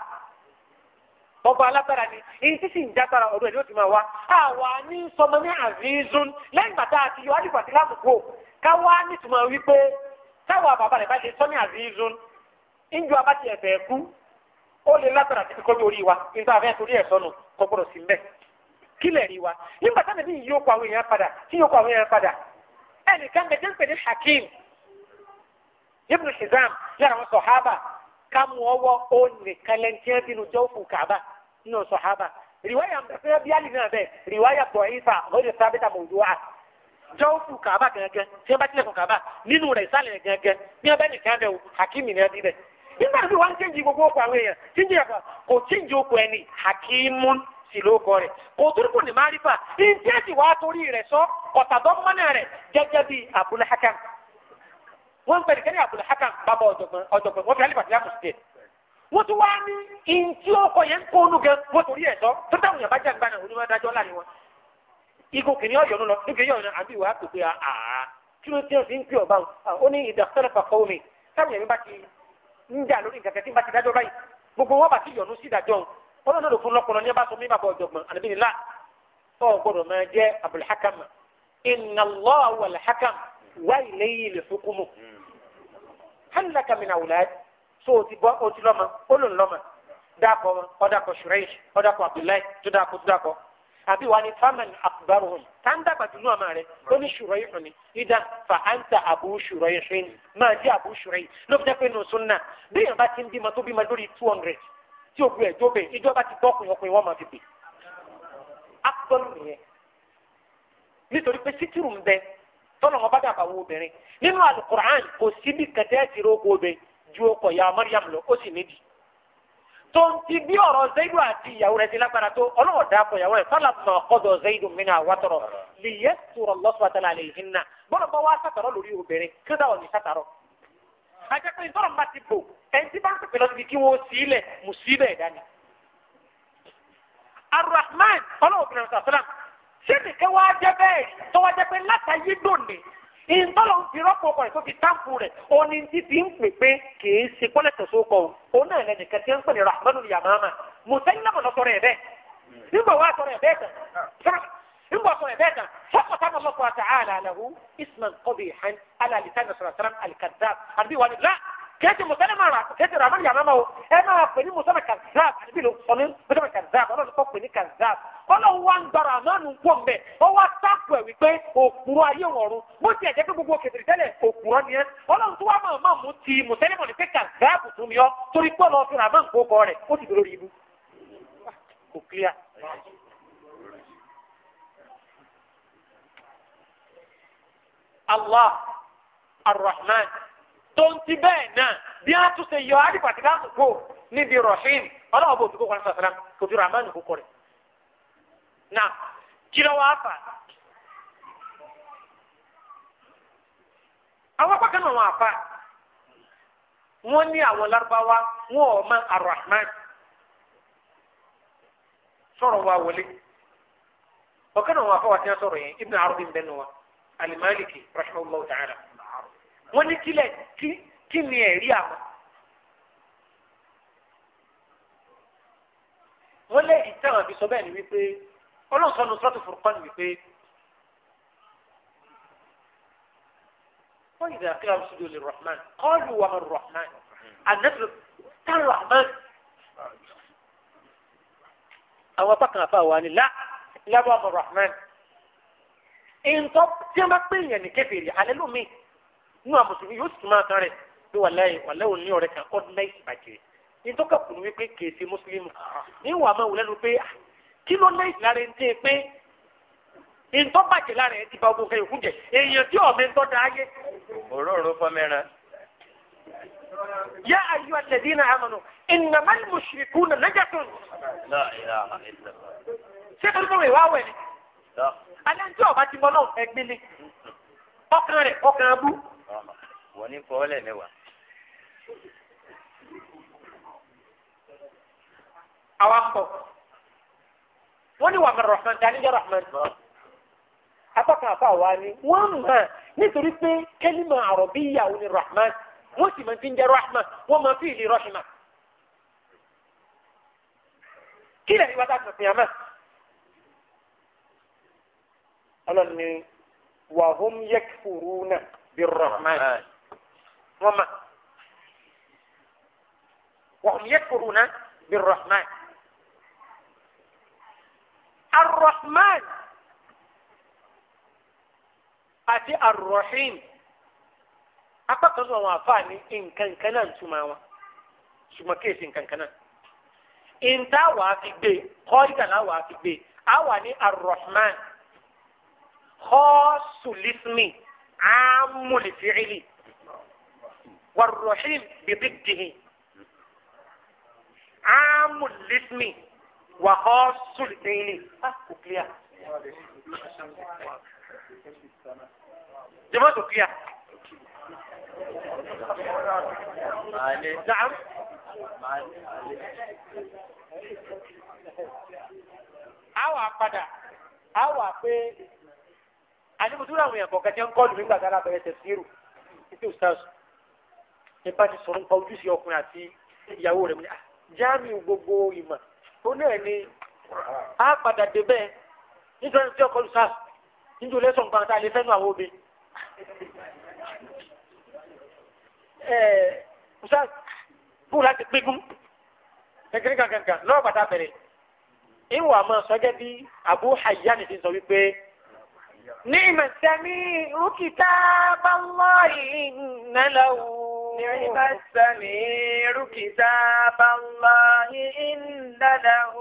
ọba alágbára ni èyí tí sì ń jágbára ọ̀rọ̀ ẹ̀ ni ó ti máa wá. àwa ní sọmọ ní àzízún lẹ́yìn bàtà àti yọ adìgbà tí lásìkò káwá nítumọ̀ wípé táwa bàbá rẹ̀ bá ṣe sọ ní àzízún ìjọ abájẹ ẹ̀fẹ̀ ẹ̀kú ó lè lágbára títí kọjú orí wa nígbà abẹ́ torí ẹ̀ sọnù kọ́kọ́rọ̀ sí mbẹ́ kílẹ̀ rí wa nígbà táwọn ẹbí yóò kọ àwọn èèyàn padà tí yóò kọ àwọn èèyàn padà ẹnìkan Hakim Ibn Hizam lára wọn sọ̀hábà kámú ọwọ́ ó nìkan lẹ́ntì nínú sọ̀hábà riwaya mbẹ́fẹ́ bí alì náà bẹ́ẹ̀ riwaya bọ̀ ìfà lórí sábẹ́tà mọ̀júwà jọ́ọ̀fù kàbà gẹ́gẹ́ tí wọ́n bá tilẹ̀kùn kàbà nínú rẹ̀ ìsàlẹ̀ gẹ́gẹ́ ní ọbẹ̀ nìkan bẹ̀ wò hakimi náà bí bẹ̀ nígbà tí wọ́n ń kéjì gbogbo ọkọ̀ àwọn èèyàn tíjì ẹ̀kọ́ kò tíjì okọ̀ ẹni hakimu sì ló kọ rẹ̀ kò turukù ní márífà ìjẹ́ sì wá torí rẹ̀ sọ ọ̀tàdọ́ mọ́nà rẹ̀ gẹ́gẹ́ bí Abul Hakam wọ́n ń pẹ̀lú kẹ́ni Abul Hakam bàbá ọ̀jọ̀gbọ́n ọ̀jọ̀gbọ́n wọ́n fi alifàtì yàtọ̀ sí wọ́n tún wá ní ìntí ọkọ̀ yẹn ń kó onú gan wọ́n torí ẹ̀ sọ tó táwọn yàrá jà ń gbà náà onímọ̀ adájọ́ láàrin wọn. igun kìnìún ọ̀yọ́ lọ nígbà yọ̀ ọ̀nà àbí wàá pèpè àá kí ló ti ń fi ń pè ọ̀bá ó ní ìdàkọ́lẹ̀ pàpọ̀ omi táwọn yàrá bá ti ń jà lórí nǹkan kẹtí bá ti dájọ́ báyìí gbogbo wọn bá ti yọ̀nú sí ìdájọ́ ọlọ́run ló so o ti bọ́ o ti lọ́mọ o lò ń lọ́mọ dakọ wọn ọ̀dàkọ̀ ṣùrẹ́yì ọ̀dàkọ̀ abdullahi tó dákọ̀ tó dákọ̀ àbí wà ní famani akubaruhun tá ń dàgbà dùnú àmà rẹ ó ní ṣùrẹ́yì hàn ní ìdá fa anta àbú ṣùrẹ́yì hàn máa jẹ́ àbú ṣùrẹ́yì ló fi jẹ́ pé nù sunna bí èèyàn bá ti ń bímọ tó bímọ lórí two hundred tí o gbé ẹ̀ jóbe ìjọba ti bọ́ ọkùnrin ọkùnrin wọn máa fi pè akutọ́lù nìyẹn nítorí pé sítìrù ń bẹ tọ́lọ̀ wọn bá dàgbà wo obìnrin nínú alukur'an ju ọkọ̀ ya Mariam lọ ó sì nídìí tó ń ti bí ọ̀rọ̀ zayidu àti ìyàwó rẹ̀ ti lágbára tó ọlọ́wọ́ dà pọ̀ ìyàwó rẹ̀ fọlá mọ̀ ọkọ̀dọ̀ zayidu mi náà wàtọ̀rọ̀ lìyẹ́ sùrọ̀ lọ́sọ̀tàlà lè hin náà bọ́lọ̀ bọ́ wá sàtàrọ̀ lórí obìnrin kí ó dà wọ́n ní sàtàrọ̀. àjẹpẹ́ ìtọ́rọ̀ bá ti bò ẹni tí bá ń pèpè lọ́sibí kí wọ́n sí ilẹ̀ mú sí ilẹ̀ arrahman ọlọ́wọ́ bìnrin sàtàlà ṣé ìtọ́lọ̀ ń fi rọ́pò ọkọ rẹ̀ tó fi táǹpù rẹ̀ òní ti fi ń pè pé kìí ṣe pọ́lẹ̀tọ̀ sókọ òun náà lẹ́nu nìkan tí ó ń pè ní rahmanu yamama mùsẹ́yìn náà lọ sọ̀rọ̀ ẹ̀ bẹ́ẹ̀ nígbà wà sọ̀rọ̀ ẹ̀ bẹ́ẹ̀ tán nígbà sọ̀rọ̀ ẹ̀ bẹ́ẹ̀ tán sọ́kọ̀tà náà lọ́kọ̀ àtà àlàlàhù isman kọ́bì hàn alàlìsàn sọ̀rọ̀ sàrán alikadab àbí wàlúùlá kéètì mùsàlùmá rà kéètì rà mọ́nìyà mọ́mọ́ o ẹ máa pè ní mùsàlùmá kazab àdìbí ló sọ ní mùsàlùmá kazab ọlọ́run kọ́ pè ní kazab ọlọ́run wá ń gbọ́ra àmọ́nù pọ̀ mbẹ́ ọ wá sáàpù ẹ̀ wípé òkúrọ̀ ayé ọ̀run bó jẹ́ pé gbogbo kẹsìrì tẹ́lẹ̀ òkúrọ̀ nìyẹn ọlọ́run tó wá máa máa mú ti ní pé tún ọ torí pé ọlọ́run fúnra máa tó ń ti bẹ́ẹ̀ náà bí a tún ṣe yọ àdìpàtì láti kó níbi rọ̀ṣìn ọlọ́wọ́ bó ti kó kọ́ni sàṣàlám kò fi ràmán ní kókó rẹ̀. nà kí ló wáá fà? àwọn apákan náà wọn àfa wọn ní àwọn lárúbáwá wọn ò mọ arahman sọ̀rọ̀ wa wọlé ọ̀kan náà wọn àfa wa ti ń sọ̀rọ̀ yẹn ibn arabi ń bẹ́ẹ̀ nù wa alimaliki rahmanulahu ta'ala wọ́n ní kílẹ̀ kí ni ẹ̀rí àwọn. wọ́n lé ìtẹ̀wọ̀n fi sọ bẹ́ẹ̀ ni wípé ọlọ́run sọ́nu sọ́tù fúrukọ́ ni wípé wọ́n yìí dàkẹ́ àwọn sùdù lè rahman kọ́ọ̀lù wà hàn rahman ànáfẹ́ tá rahman. àwọn apá kan wa ni lá lábọ́ àmọ̀ rahman. ìǹtọ́ tí wọ́n bá pè yẹn ní kèfèrí alẹ́ lómi nínú àwọn mùsùlùmí yóò sì máa kan rẹ̀ pé wàláyé wàláyé òní ọ̀rẹ́ kan kọ́ náà ìbàjẹ́ ní tó kàkùn ní wípé kèé ṣe mùsùlùmí ní wàá máa wù lẹ́nu pé ah, kí ló náà ìlànà ń tẹ́ pé ntọ́ bàjẹ́ lára ẹ ti ba ogun fẹ́ ìkúnjẹ èèyàn tí ọ̀mẹ ntọ́ da ayé. òróró fọmẹ́ran. yá ayé alẹ́dí náà amànú ìnàmá mùsùlùkù nà nàjàtún. ṣé kí ló fọwọ́ ìwà wẹ̀ ni. alẹ́ ntí ọba ti mọ́ náà ẹgbẹ́ ni ọkàn rẹ̀ ọkàn abú wọ́n ní fọ́ọ́lẹ̀ mẹ́wàá. awakọ̀ wọ́n ní wàmí rahman daniel rahman apákan afa wa ni wọ́n mọ̀ nítorí pé kẹ́límà àrọ̀bíyà òní rahman wọ́n sì máa fi ń jẹ́ rahman wọ́n máa fi ìlú rahman. kí lè wá sáà tuntun yàmẹ́. ọlọ́ni wàhùn yẹ́kfùrú náà. بالرحمن وما وهم يكفرون بالرحمن الرحمن àti arrohim apá kan sọ̀rọ̀ àfáà ní nkankan náà túmọ̀ wọn ṣùgbọ́n kéèsì nkankan náà ìntà wà á fi gbé kọ́ìdà náà wà á fi gbé á wà ní arrohman kọ́ عام الفعل والرحيم بضده عام الاسم وخاص الفعل جماعة كليا نعم أو أبدا أو أبدا àdébùtúrò àwọn èèyàn kọ̀ọ̀kan jẹ́ ń kọ́ọ̀lù nígbà tá a lábẹ́rẹ́ tẹ̀ sí irú títí ustaz nípa ti sọ̀rọ̀ nípa ojúṣe ọkùnrin àti ìyàwó rẹ̀ múlẹ̀ ah, jáàmì gbogbo ìmọ̀ tó náà ni a padà dé bẹ́ẹ̀ nítorí tí ọkọ̀ ustaz nítorí lẹ́sọ̀ nǹkan tá a lè fẹ́nu àwọn obìnrin. ustaz bú láti pínkún kékeré kankan lọ́wọ́ bàtà bẹ̀rẹ̀ ìwà máa sọ gẹ́gẹ́ bí Abu Hayyan ti sọ wípé. نعم السميع كتاب الله إن له نعم السميع كتاب الله إن له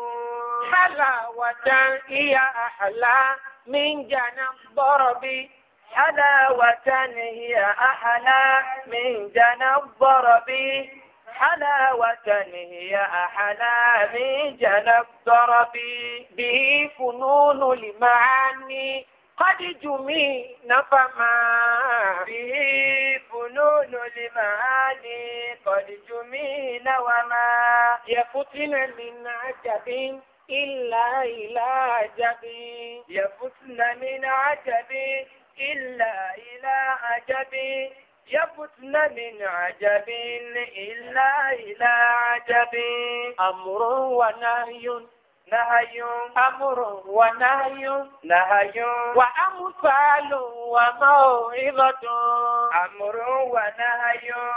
حلاوة هي أحلى من جنى الضرب حلاوة هي أحلى من جنى الضرب حلاوة هي أحلى من جنى الضرب به فنون المعاني قد جمعنا فما فيه فنون المعاني قد جمعنا وما يفتن من عجب إلا إلى عجب يفتن من عجب إلا إلى عجب يفتن من عجب إلا إلى عجب أمر ونهي nahayun. amúrò wà nahayun. nahayun. wà amúfàálù wà máa ìbọ̀dún. amúrò wà nahayun.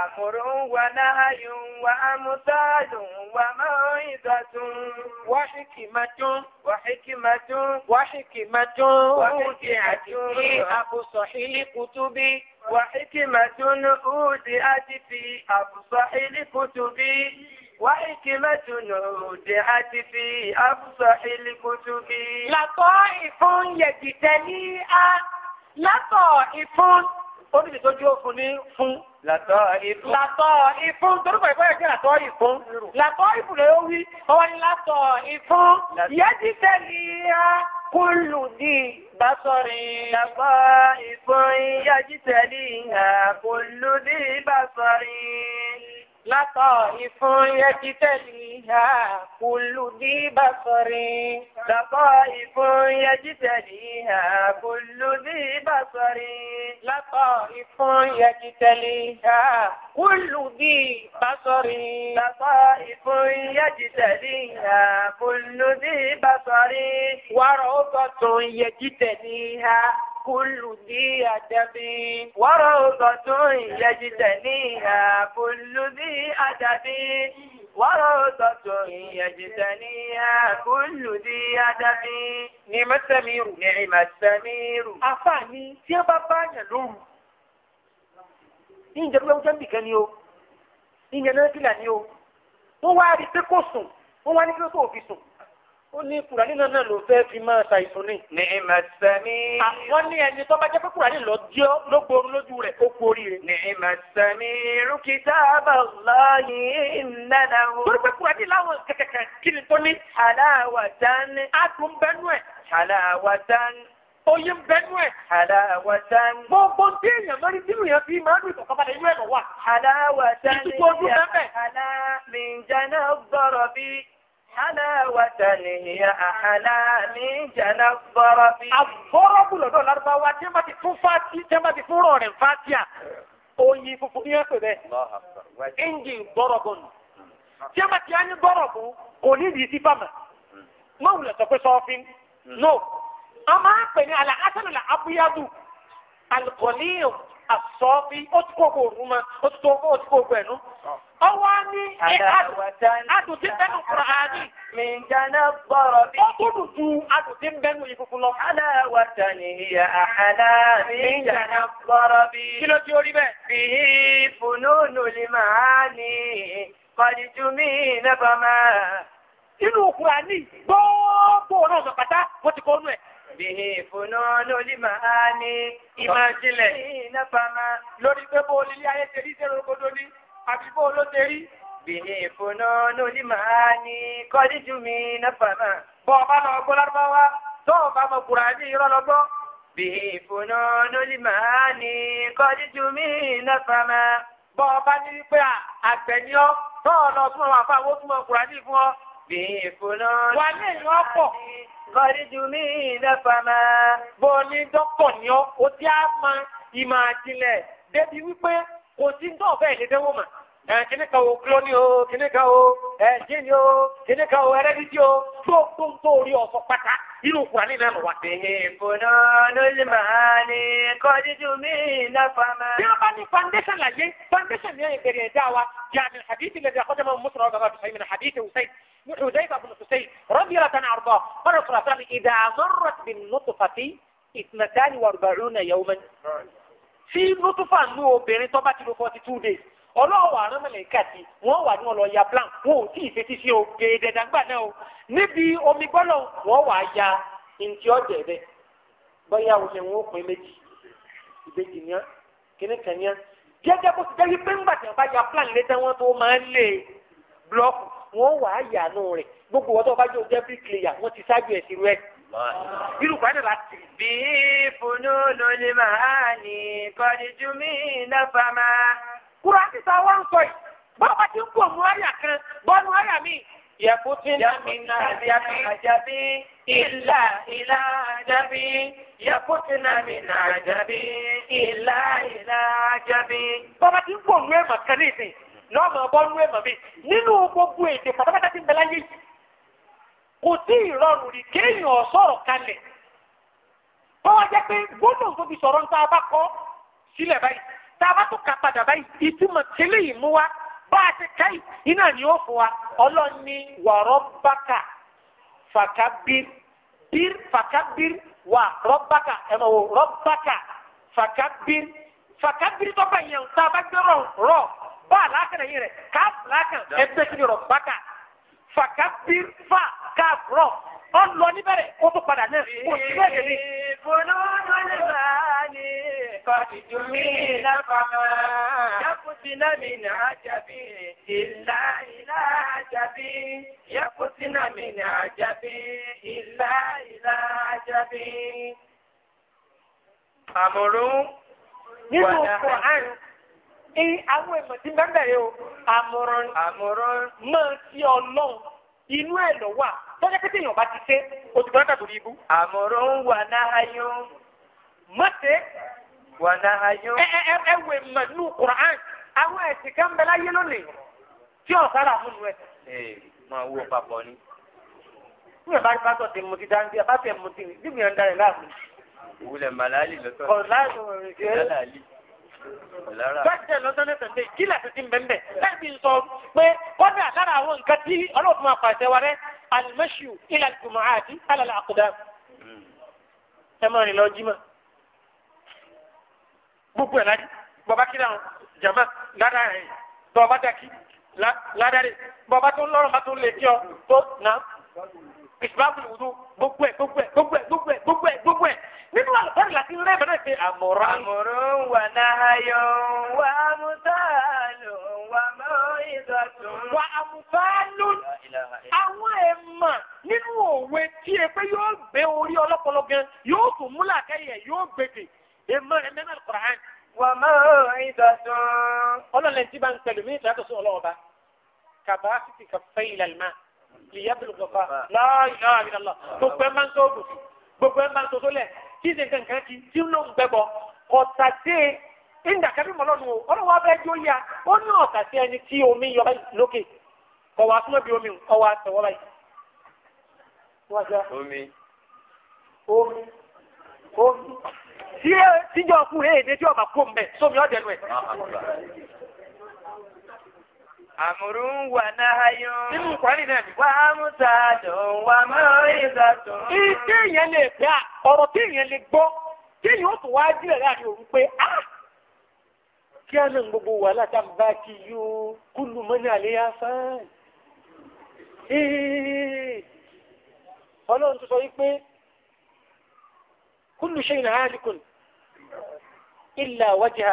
amúrò wà nahayun. wà amúfàálù wà máa ìbọ̀dún. wà hikimatun. wà hikimatun. wà hikimatun. wà hikimatun. àbùsọ̀hìlì kùtùbí. وحكمة أودئت في أفصح الكتب وحكمة نودعت في أفصح الكتب لطائف يجتليها لطائف ó níbi tó jó fún ní fún. Làtọ̀ ìfún. Làtọ̀ ìfún. Torúkọ ìfún yẹn jẹ́ ìfún. Làtọ̀ ìfún lè wí. Ọwọ́ ni làtọ̀ ìfún. Yẹ́ ti tẹ̀lé a kúlù di basọ̀rin. Làtọ̀ ìfún yẹ́ ti a kúlù di basọ̀rin. لطائف يجتليها كل ذي بصر لطائف يجتليها كل ذي بصر لطائف يجتليها كل ذي بصر لطائف يجتليها كل ذي بصر وروضة يجتليها كل ذي أدب وروضة يجتنيها كل ذي أدب وروضة يجتنيها كل ذي أدب نعم السمير نعم السمير أفاني سيبا بانيا لوم ìyìn jẹ́ pé jẹ́mbì kan ni o ìyìn náà kìlà ni o wọ́n wá rí pé kò sùn wọ́n wá ní pé kò fi sùn ó ní kùránì náà náà ló fẹ́ fi máa ṣàìsùn ni. ní ìmọ̀sẹ́mi. àwọn ní ẹni tó bá jẹ́ pé kùránì lọ jẹ́ ló gbóoru lójú rẹ̀ ó kú oríire. ní ìmọ̀sẹ́mi rúkìtà bàbá yìí nàdà wò. torí pé kùránì láwọn kẹ̀kẹ̀kẹ̀ kí ni tó ní. aláwa dán. a tún bẹnu ẹ̀. aláwa dán. Oye ń bẹnu ẹ̀. Aláwa dán. Gbogbo tí èèyàn lórí tí èèyàn fi máa ń lu ìtọ̀kọ́balẹ̀ حلاوة هي أحلى من جنى الضرب الضرب lọ́dọ̀ Lárúbáwá tí wọ́n ti fún fati tí wọ́n ti fún rọrin fatia oyin funfun ní ẹ̀sọ́ bẹ́ẹ̀ ẹ̀ǹgì gbọ́rọ̀gùn tí wọ́n ti á ní gbọ́rọ̀gùn kò ní ìdí sí fama wọ́n hmm. wulẹ̀ sọ pé sọ́ọ́fin hmm. no a máa ń pè ní àlà asanu la abuyadu alikọ̀líyàn asọ́ọ́fin ó ti kó gbòòrùn ma ó ti kó gbòòrùn ẹ̀nu ọwọ́ ní eh, àtúntí bẹ́nu kùránì. Mìjànà bọ̀rọ̀ bí. Ó gbọ́dọ̀ ju àtúntí bẹ́nu yìí funfun lọ. Aláwàtà ni ìyá àhálà. Mìjànà bọ̀rọ̀ bí. Kí ló ti orí bẹ́ẹ̀? Bí fùnúnù lè máa ní kọ́díjú mí nẹ́bà máa. Inú kùránì náà sọ pátá, wọ́n ti kọ́ ọ́nú ẹ̀. Bihi fununu limaani. Ìmọ̀ ìjìnlẹ̀. Lórí pé bó olílé ayé ṣe rí ṣe rogodo àti bó ló ṣe rí. bìnní ìfúnná lórí màá ní kọ́díjú mi náfà náà. bọ́ ọ bá lọ gbọ́ lárúbáwá tó o bá mọ kùránì irọ́ lọ gbọ́. bìnní ìfúnná lórí màá ní kọ́díjú mi náfà bọ́ ọ ní wípé àgbẹ̀niọ́ tó o lọ súnmọ́ wà fáwọn ó túnmọ̀ fún ọ. bìnní ìfúnná lórí màá ní kọ́díjú mi náfà náà. ní dọ́kọ̀ ni ó ti á mọ ìmọ̀ àtìlẹ̀ débi wípé kò sí ní ọ̀fẹ́ ìdẹ́wò mà ẹ kíní kan o gílóní o kíní kan o ẹ jíìnì o kíní kan o ẹrẹ́dídì o tó tó ń tó orí ọ̀sọ́ pátá inú kùránì náà lọ wà. ìbùnà lórí màá ní kọ́dídù mí láfàmà. bí wọ́n bá ní foundation làyé foundation ní ìbẹ̀rẹ̀ ẹ̀dá wa jàmí hadithi lẹ́dí akọ́jọ́mọ́ mùsùlùmọ́ bàbá bìsọ̀ yìí hadithi hussein حذيفة بن حسين رضي الله عنه أرضاه قال صلى الله عليه وسلم إذا مرت بالنطفة اثنتان وأربعون يوما tí lótúfà ń lo obìnrin tó bá ti lo forty two days ọlọ́wọ́ àrùn mọ̀lẹ́kà sí wọ́n wà ní ọlọ́ọ̀yà plan wọn ò tí ì fetí sí o gèdè dàgbà náà o níbi omi gbọ́dọ̀ wọ́n wà á ya ntí ọ̀jẹ̀ bẹ́ẹ̀ bọ́yá omi wọn ò pín méjì ìbejì ní kíní kan ní jẹ́jẹ́ bó ti jẹ́ wípé ńgbà tí wọ́n bá ya plan létí wọn tó máa ń lé blọọkù wọ́n wà á yà nù rẹ̀ gbogbo wọn tó bá jẹ́ òjẹ́ bíríkìlì yà wọ́n ti ṣáájú ẹ̀ sí rẹ̀ irú pàdé bá ti. bí funulu ni màá ní kọ́díjú mi náfa máa. kúrò àti sá wá ń sọ yìí báwa ti ń bọ̀ mú àyà kan bọ́nu àyà mi. يفتن من عجب إلا إلى عجب يفتن من عجب إلا إلى عجب bàbá tí ń bọ̀ nú ẹ̀mà kan ní ìsìn lọ́mọ bọ́ nú ẹ̀mà mi nínú gbogbo èdè pátápátá tí ń bẹ láyé yìí kò tí ì rọrùn rí kéèyàn sọ̀rọ̀ kalẹ̀ bọ́wọ́ jẹ́ pé gbọ́dọ̀ tó fi sọ̀rọ̀ nípa bá kọ́ sílẹ̀ báyìí tá a bá tó ka padà báyìí ìtumọ̀ tẹ́lẹ̀ yìí mú wa bá a ti ká yìí iná ni ó fún wa ọlọ́ni wàrọ̀ bàkà fàkàbír bír fàkàbír wà rọ́bàkà ẹ̀mọ̀ wò rọ́bàkà fàkàbír fàkàbír tó bá yẹn tá a bá gbé rọ̀ bá a lákàn yìí rẹ̀ ká lákàn ẹgbẹ́ sí rọ̀ bàkà fàkàbír fà. káàkúrọ̀ ọ lọ níbẹ̀rẹ̀ ó tó padà náà kò sí bẹ́ẹ̀ ni. nínú àwọn èèmọ̀ tí bẹ́ẹ̀ o àmọ̀rún máa ti ọlọ́run inú ẹ̀ tọ́jà pété èèyàn bá ti ṣe o ti gbọ́dọ̀ torí ibú. àmọ̀rọ̀ ń wà náà yó. mọ̀tẹ́. wà náà yó. ẹ ẹ ẹ wẹ̀ mọ̀ nù Qur'an àwọn ẹ̀sìn kan bẹ láyé lónìí tí ọ̀sára múnú ẹ̀. ee máa wúwo papọ̀ ni. bí ẹ bá rí pásọ ti mutí dáńdé bá tẹ mutí ni bí mi ò ń darí láàmú. òwúlẹ̀ màláàlì lọ́tọ̀. ọ̀làlù ọ̀làlì. Bẹ́ẹ̀ lọ́sán bẹ́ẹ̀ alimẹ́ṣu ilà jùmọ̀ àti alàlà àkùdá ẹ máa rìn lọ jí mọ́ gbogbo ẹ̀ láti bọ́bá kí náà jama ládà rẹ̀ bọ́bá dàkí ládà rẹ̀ bọ́bá tó ń lọ́rùn bá tó ń lè kí ọ tó nà ìsìláàmù ìwúdú gbogbo ẹ̀ gbogbo ẹ̀ gbogbo ẹ̀ gbogbo ẹ̀ gbogbo ẹ̀ gbogbo ẹ̀ nínú àlùfáàrí láti rẹ̀ bẹ̀rẹ̀ pé àmọ̀ràn. àmọ̀ràn wà náà yọ̀ wà mú sáà lò wà àmùbáálù àwọn ẹ̀mà nínú òwe tí e pé yóò gbé orí ọlọ́pọlọ gan yóò tún múlà kẹ́yẹ̀ yóò gbèdè ẹ̀mà ẹ̀mẹ́nà kọ̀ọ̀án. wà á máa ń ìdá tán. ọlọ́lẹ̀ tí bá ń pẹ̀lú mí ìtàkùn sí ọlọ́ọ̀ba kàbá sì kà fẹ́ ìlàlímà lìyàbìlì kọ̀ọ̀fà láàyè àbílàlá gbogbo ẹ̀ máa ń tó gbogbo ẹ̀ máa ń tó tó lẹ̀ kí ìdàkẹ́bí mọ́lọ́nu o ọrụ wa bẹ́ẹ̀ ya ó ní ẹni tí omi yọ báyìí lókè kọ̀ wá súnmọ́ omi ọ wá tẹ̀wọ́ báyìí. omi. omi omi tí ẹ tíjọ́ kú rèé ọba kú mbẹ sómi ọ̀dẹ̀ nù ẹ̀. wà Nínú Wà á mú wà á Ìdí ìyẹn lè gbà, ọ̀rọ̀ tí ìyẹn lè gbọ́, tún wá jílẹ̀ láàrin kí á náà gbogbo wà látà bá kí yóò kúlù mọ́ni àléyá fáàn. ọlọ́run tó sọ wípé kúlù ṣe ìnáhà àlìkùn ìlà wájà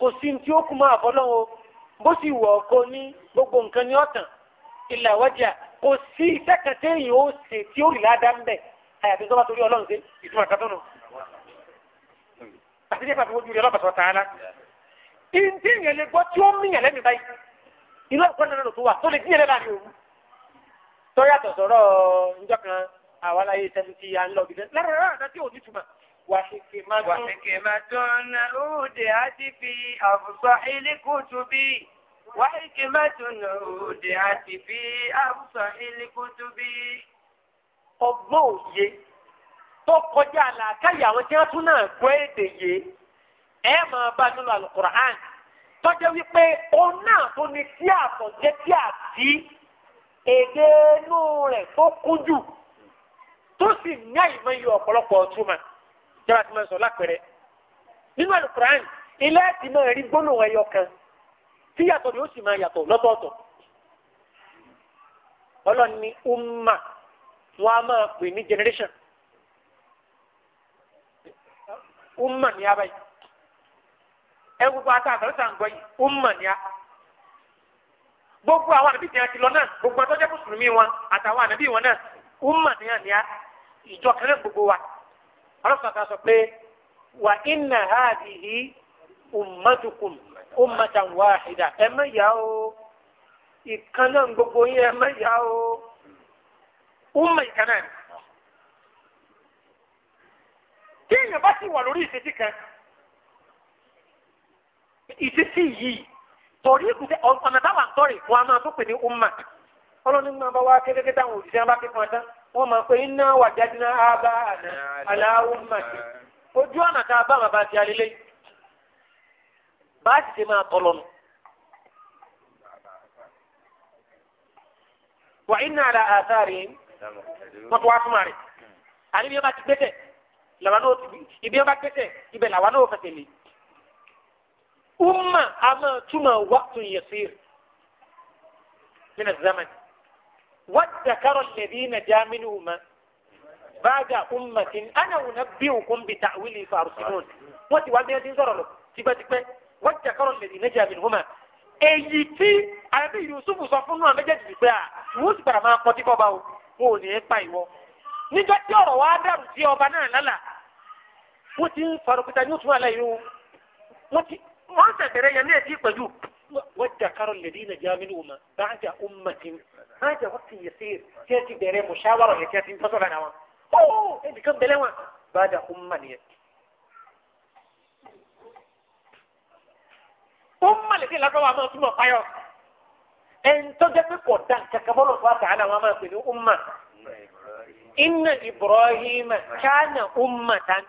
kò sí tí ó kú máa bọ́lọ́wọ́ bó sì wọ̀ ọ́kọ́ ní gbogbo nǹkan ní ọ̀tàn ìlà wájà kò sí ìfẹ́kàn téèyàn ó ṣe tí ó rí ládàá ń àyàfi tó bá torí ọlọ́run ṣe ìtumọ̀ kan àti ní ìfàfihàn ojú rẹ̀ ọlọ́pàá sọ tààlà. ìdí yẹn lè gbọ́ tí ó mí yẹn lẹ́nu báyìí ìlú ẹ̀kọ́ náà lò tó wà tó lè dín yẹn lẹ́la ni tó yàtọ̀ sọ̀rọ̀ kan àwa láyé sẹ́fìtì à ń lọ bìtẹ́ lára rárá àti òní ọgbọ́n òye tó kọjá àwọn tí wọ́n tún náà gbọ́ èdè yìí ẹ máa bá nínú alukur'an tọ́jọ́ wípé òun náà tó ní tí àtọ̀jẹ́ tí àti èdè inú rẹ̀ tó kún jù tó sì ní àyìnbọn yìí ọ̀pọ̀lọpọ̀ ọ̀túnmá jẹ́wọ́n ti máa sọ lápẹ̀rẹ̀ nínú alukur'an ilé ẹ̀tì náà rí gbólóhùn ẹyọ kan tí yàtọ̀ ni ó sì máa yàtọ̀ lọ́tọ̀ọ̀tọ̀ ọlọ́ni umma wọn a máa pè ní generation umma ní abáyé. ẹwùgbọ àtàkùn sàǹgọ yìí ó ń ya. ní a gbogbo àwọn ànábì tí ti lọ náà gbogbo àtọ́jọ́ mùsùlùmí wọn àtàwọn ànábì wọn náà ó ń ní a ní a ìjọ gbogbo wa ọlọ́sàn kan sọ pé wà inna wahida ẹ má yà ó ìkan náà gbogbo yín ẹ má yà ó umma ìkan náà tí èèyàn bá ti wà lórí ìṣesí yìí torí ọ̀nà táwọn àtọ́rì wọn a máa tó pè ní umma ọlọ́ni máa bá wá kékeré táwọn òṣìṣẹ́ bá kékeré tán wọ́n máa pe iná wà jáde náà á bá màtí ojú ọ̀nà tá a bá bàbá ti alélé bá a sì ṣe máa tọ́ lọ́nu. wà iná àlà àtàrí wọ́n tó wá fún màrí àníbi ọba ti gbẹ́sẹ̀ làwọn náà ti gbẹ́sẹ̀ ibẹ̀ làwọn náà fẹsẹ̀ lè umma a máa túmọ̀ waqtun yasir min az-zaman wadhakara alladhina ja minhuma ba'da ummatin ana unabbi'ukum bita'wili farsilun wọ́n ti wá bí wọ́n ti ń sọ̀rọ̀ lọ tipẹ́tipẹ́ wadhakara alladhina ja minhuma èyí tí àbí Yusuf sọ fún náà méjèèjì wípé à ah, wọn sì gbàdá máa kọtí kọba o wọn ò ní í pa ìwọ níjọ tí ọ̀rọ̀ wa dàrú sí ọba náà lálà wọn ti ń farokúta ní oṣù àlàyé o wọn ti wọ́n sẹ̀tẹ̀rẹ̀ yẹn ní ẹ̀tí pẹ̀lú. وادكر الذين جاء منهما بعد أمة هذا وقت يصير تأتي بيري مشاورة تأتي فصل أنا أوه أنت كم بلوا بعد أمة نيت أمة التي لك وما ثم فيو أنت تجد قدام تكبر الله تعالى وما في أمة إن إبراهيم كان أمة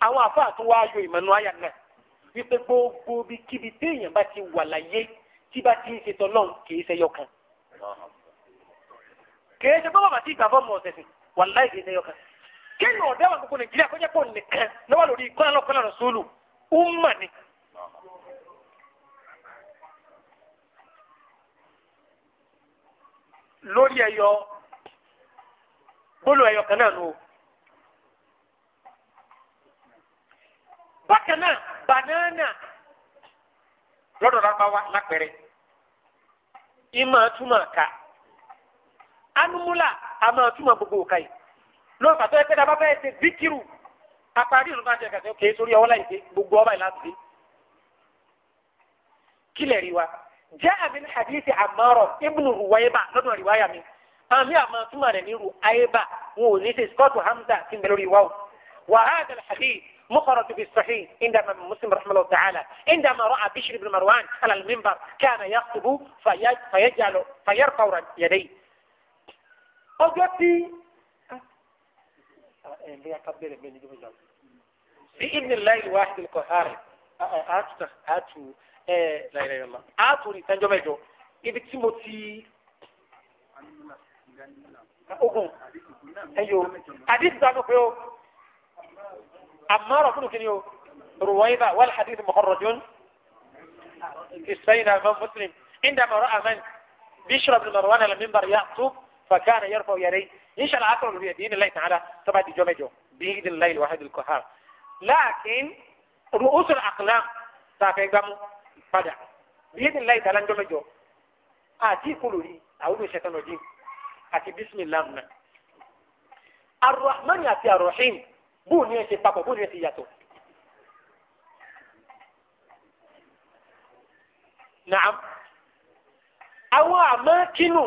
àwọn àfa àtún wá ayọ ìmọ̀nù àyà náà wípé gbogbo bí kíbi téèyàn bá ti wà láyé tí bá ti ń ṣe tọ́lọ́ kìí ṣe yọkan kìí ṣe bọ́ bàbá tí ìgbà fọ́ọ̀mù ọ̀sẹ̀ sí wà láì kìí ṣe yọkan kéèyàn ọ̀dẹ́ wà gbogbo nàìjíríà kó jẹ́ pọ̀ nìkan lọ́wọ́ lórí kọ́lá lọ́kọ́lá rẹ̀ sólù lórí ẹyọ gbólóhùn ẹyọ kan náà nù o. bákan náà banana lọ́dọ̀ lábáwá lápẹ̀rẹ̀ ìmọ̀ túmọ̀ ká anumula àmọ̀ túmọ̀ gbogbo òkà yìí lọ́wọ́ pàtó ẹgbẹ́ dábàá bẹ́ẹ̀ ṣe zikiru àparí ìlú bá jẹ kàtẹ́ kéé sórí ọwọ́ láì dé gbogbo ọba ìlà dé kílẹ̀ rí wa jẹ́ àmì hadithi àmọ́rọ̀ ibnu ruwayba lọ́dọ̀ riwaya mi àmì àmọ́ túmọ̀ rẹ̀ ní ruwayba wọn ò ní ṣe scott hamza ti ń wa o wàhálà hadith مخرج في الصحيح عندما مسلم رحمه الله تعالى عندما رأى بشر بن مروان على المنبر كان يخطب فيجعل فيرفع يديه ọjọ́ بإذن الله الواحد القهار آتو إيه، لا إله إلا الله آتو لي تنجو ميجو ibi tí mo ti ogun ẹyọ عمار بن كنيو رويبة والحديث مخرج في السيدة الإمام مسلم عندما رأى من بشر بن مروان على المنبر يخطب فكان يرفع يديه ليش العقل الله أقرب الله تعالى طبعا دي جو جمجو بإذن الليل الواحد الكهار لكن رؤوس الأقلام تفهم فدع بإذن الله تعالى جو جمجو آتي كله أعوذ الشيطان الرجيم أتي بسم الله الرحمن يا الرحيم bóun ni ẹ ṣe papọ̀ bóun ni ẹ ṣe yàtọ̀. Nàám àwọn àmọ́kínú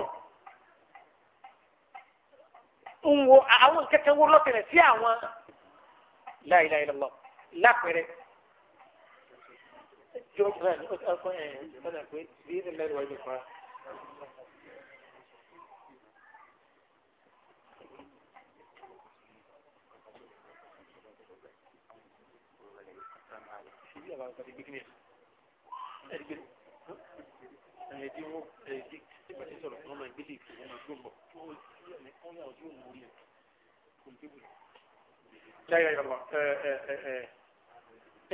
ń wo àwọn kẹ̀kẹ́ wo lọ́tẹ̀lẹ̀ sí àwọn la ilaha lápẹ̀rẹ̀ jọ́ọ̀bù náà ní ọ̀sán ẹ̀ ẹ̀ ọ̀nà pé bí ẹ̀ mẹ́rin wáyé fún bá ń pàdé bíkínì ẹ̀dígbé ẹ̀dí wọn ẹ̀dí nígbà tí sọ̀rọ̀ wọn máa gbé lè fún wọn máa gbó bọ̀ wọn yà ọdún òun yẹn kò ní tébùlù. láyé ayé bàbá ẹ ẹ ẹ ẹ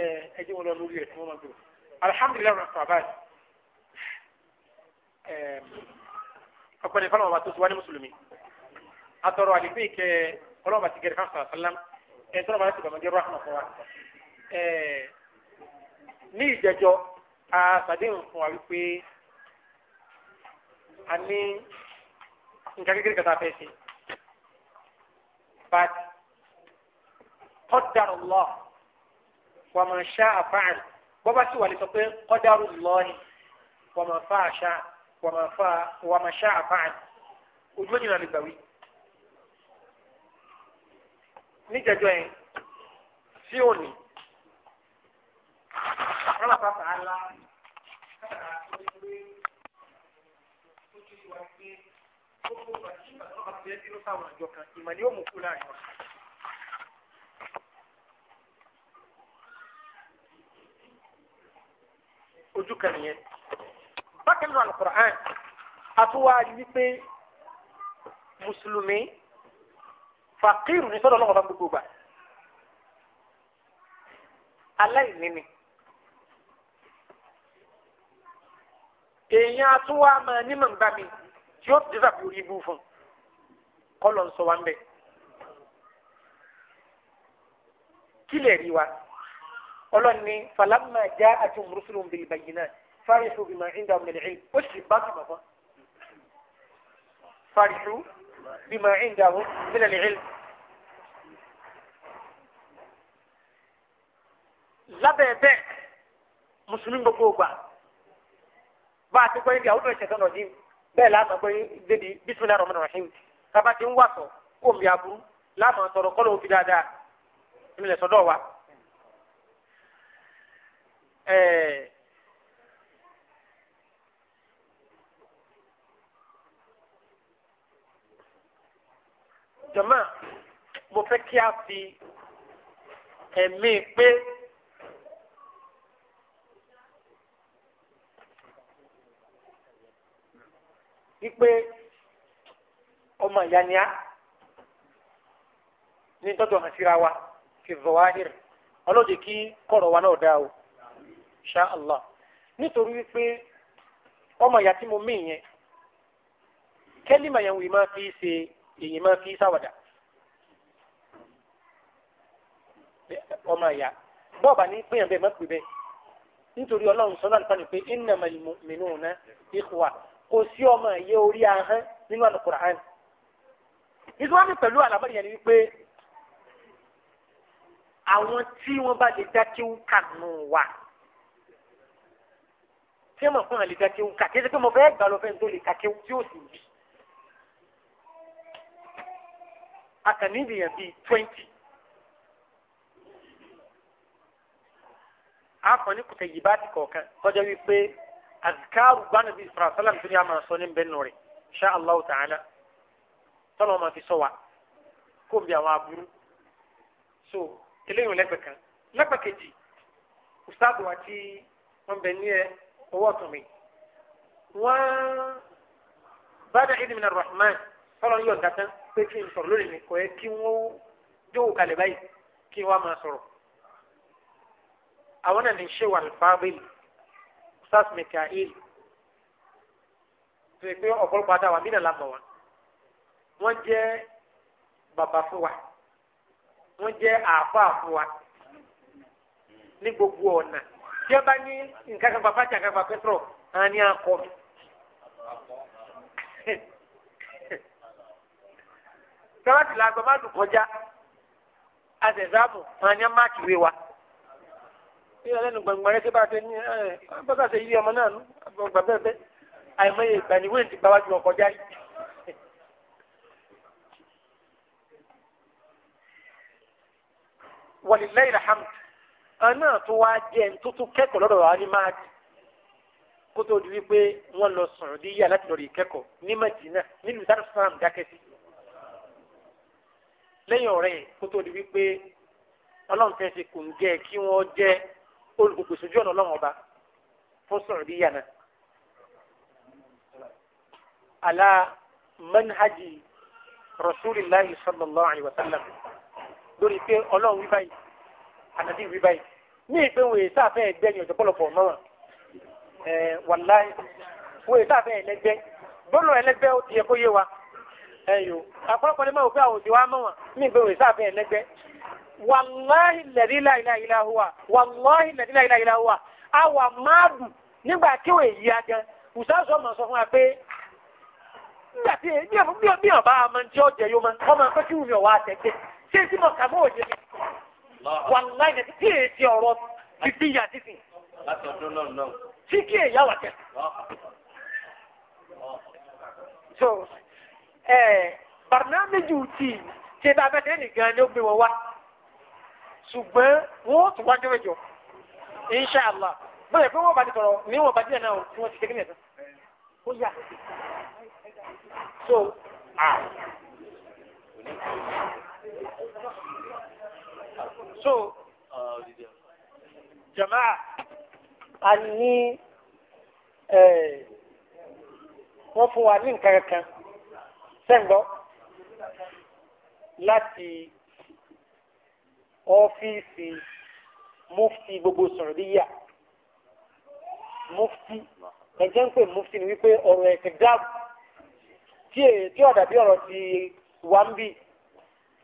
ẹ ẹ jẹ́ wọn lọ lórí ẹ̀ tí wọ́n máa gbó. alihamudulilayi wọn fà báyìí ọpẹ́ nìkan ọba tó ti wá ní mùsùlùmí atọrọ àdìgbò ìkẹ ọlọ́ọ̀bà ti gẹ̀rẹ́ fún àṣà sálám ẹ̀ tọ́lọ́ba láti bàmọ́jẹ́ rọ́ àmọ́ fún wa ní ìjẹjọ àṣàdéhùn fún wa wípé a ní nǹkan kékeré kan tá a fẹ́ ṣe but qaddar Allah wa ma sha'a fa'al bọ́bá sì wà lè sọ pé qaddar Allah wa ma fa'a sha'a wa ma fa'a wa ma sha'a fa'al ojú méjì náà lè gbà wí. níjẹjọ yẹn sí òní lọ́la pàtà ala kátàkà tó ń gbé tó ti wá gbé gbogbo bàtí bàtí ọba tó yẹ kí ló sáwọn àjọ kan ìmọ̀ ni ó mú kú láàrin wọn. ojú kan nìyẹn bákan náà alukur'an àtúwárí wípé mùsùlùmí fàkírù ní sọ́dọ̀ gbogbo gbà aláìní ni. èèyàn atúwà máa ní màmú bá mi tí ó ti sàbí orí ibú fún kọlọ̀ ń sọ wa ń bẹ̀. kí lè rí wa ọlọ́run ní falamma ja'atum rusulun bil bayyinat farihu bima indahum min al-'ilm ó sì bá tuma fún farihu bima indahum min al-'ilm. lábẹ́ gbogbo gbà. bá a ti gbọ́ ibi àwọn ọdún ìṣẹ̀tọ́ náà jíìmù bẹ́ẹ̀ láàmú gbé débi bísúnlẹ̀ rọ̀mọ́nà rahim tábà ti ń wàsọ̀ kó mi aburú láàmú sọ̀rọ̀ kọ́lọ̀ òfin dáadáa sọ́dọ̀ wa. jọ̀mọ́ mo fẹ́ kí a fi ẹ̀mí pé. wípé ọmọ ìyá ni á ní tọ́jú hàn síra wa fi zawahir ọlọ́dẹ kí kọ̀rọ̀ náà o Allah nítorí wípé ọmọ ìyá tí mo mí yẹn kẹ́límà yẹn wò fi ṣe èyí ma fi sáwàdà ọmọ ìyá bọ́ọ̀bà ní pé bẹ́ẹ̀ má pè bẹ́ẹ̀ nítorí ọlọ́run sọ́nà ni pé kò sí ọmọ ìyẹ orí ahọ́n nínú alukur'an ìsúwájú pẹ̀lú àlámọ́rí yẹn ni wípé àwọn tí wọ́n bá lè dákí ń kà nù wá tí wọ́n fún àlè dákí ń kà kí ẹsẹ̀ pé mo fẹ́ gbà lọ fẹ́ tó lè kà kí tí ó sì yí. àkànní ìdìyàn bíi twenty àkànní kùtẹ̀ yìí bá ti kọ̀ọ̀kan tọ́jọ́ wípé azikaru gbani bi sara salam tuni a ma sọ ni bẹ nọri insha allahu ta'ala tọnọ ma fi sọ wa ko n bi àwọn aburú so eléyìí lẹ́gbẹ̀ kan lẹ́gbẹ̀ kejì ustaadu wa ti wọn bẹ ní ẹ owó tún mi wọn bada idi mina rahman tọnọ yọ nga tán pé kí n sọ̀rọ̀ lórí mi kò yẹ kí n wó jókòó kalẹ̀ báyìí kí n wá máa sọ̀rọ̀ àwọn náà ní ṣe wà lùfáà bẹ́ẹ̀ sars mikael tó yẹ pé ọ̀pọ̀lọpọ̀ adáwa mí nà lámọ̀ wọn wọ́n jẹ́ bàbá fún wa wọ́n jẹ́ àáfàá fún wa ní gbogbo ọ̀nà tí a bá ní nǹkan kan bàbá jàǹkan bàbá pẹ́trọ̀ á ní akọ mi. sábà tìlà má dùn kọjá àtẹ̀sáàmù á ní amáàkì wé wa. ní ọlẹ́nu gbọ̀ngbọ̀nrẹ́ kí bá ti ní ẹ̀ bọ́sà ṣe yí ọmọ náà nù gbọ̀ngbọ̀n bẹ́ẹ̀ bẹ́ẹ̀ àìmọye ìgbà ni ti bá wájú ọkọ̀ já yìí. wàlíláì rahmat tó wá jẹ́ ntutu kẹ́kọ̀ọ́ lọ́dọ̀ wa ní máàdì kó tó di wípé wọ́n lọ láti lọ́ọ́ rí Madina sáré dákẹ́ sí. lẹ́yìn ọ̀rẹ́ kó tó di wípé ọlọ́run olùkùkù sójú ọ̀nà ọlọ́run ọba fún sọ̀rọ̀díyà náà ala manhaji rasulillahi sallallahu alayhi wa sallam lórí pé ọlọ́run wí báyìí ànàbí wí báyìí ní ìpè wòye sáfẹ́ ẹgbẹ́ ni ọ̀jọ̀ pọ̀lọpọ̀ ọmọ wọn wàláyé wòye sáfẹ́ ẹlẹgbẹ́ bọ́lọ̀ ẹlẹgbẹ́ ó ti yẹ kó yé wa àpọ̀lọpọ̀ ni máa wò pé àwọn wa mọ̀ wọn ní ìpè wòye sáfẹ́ ẹlẹgbẹ́ wàláhì lẹ́dí láìlá ilá huwa wàláhì lẹ́dí wa ilá huwa àwa máàdù nígbà wọ́n èyí agan ùsàzọ́ sọ fún wa pé nígbà tí èyí bí tí ọ̀jẹ̀ yóò máa ọmọ akọ́ tí wùmí ọ̀wá ṣé mi wàláhì èyí ti ọ̀rọ̀ tí kí èyí tẹ̀. so ẹ̀ eh, barnaamiju ṣe bá ni ó ṣùgbọ́n wọ́n tún wá jẹ́wẹ́jọ inṣàlá bẹ́ẹ̀ pé wọ́n bá ti sọ̀rọ̀ ní wọ́n bá díẹ̀ náà tí wọ́n ti tẹ́kínlẹ̀ tán ó yà so ah so jamaa a ní wọ́n fún wa ní nǹkan kan sẹ́ńgbọ́ láti ọ́fíìsì mufti gbogbo sọ̀rọ̀díyà mufti ẹ̀jẹ̀ ń pè mufti ni wípé ọ̀rọ̀ ẹ̀kẹ́ dáàbò tí èyí tí ọ̀dà bí ọ̀rọ̀ ti wá ń bì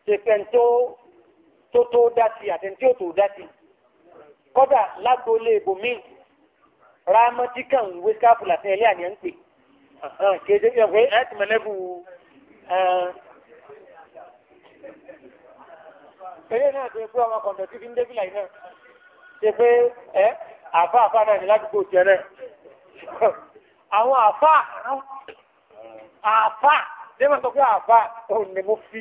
ṣe pẹ́ tó tó tó dá sí àtẹ̀ntí ò tó dá sí kọ́dà lágboolé ibòmíì rámọ́tí kan wé káfù làtẹ̀ àníyàn ń pè kéde ẹ̀ẹ́dìmọ̀lẹ́bù eré náà ti pé ọmọ kọ̀ǹdọ̀ tí fi ń débìlà yìí náà ṣe pé ẹ àfa àfa náà ní ládùúgbò tiẹ̀ náà àwọn àfa àfa ṣé máa sọ pé àfa òun ni mo fi.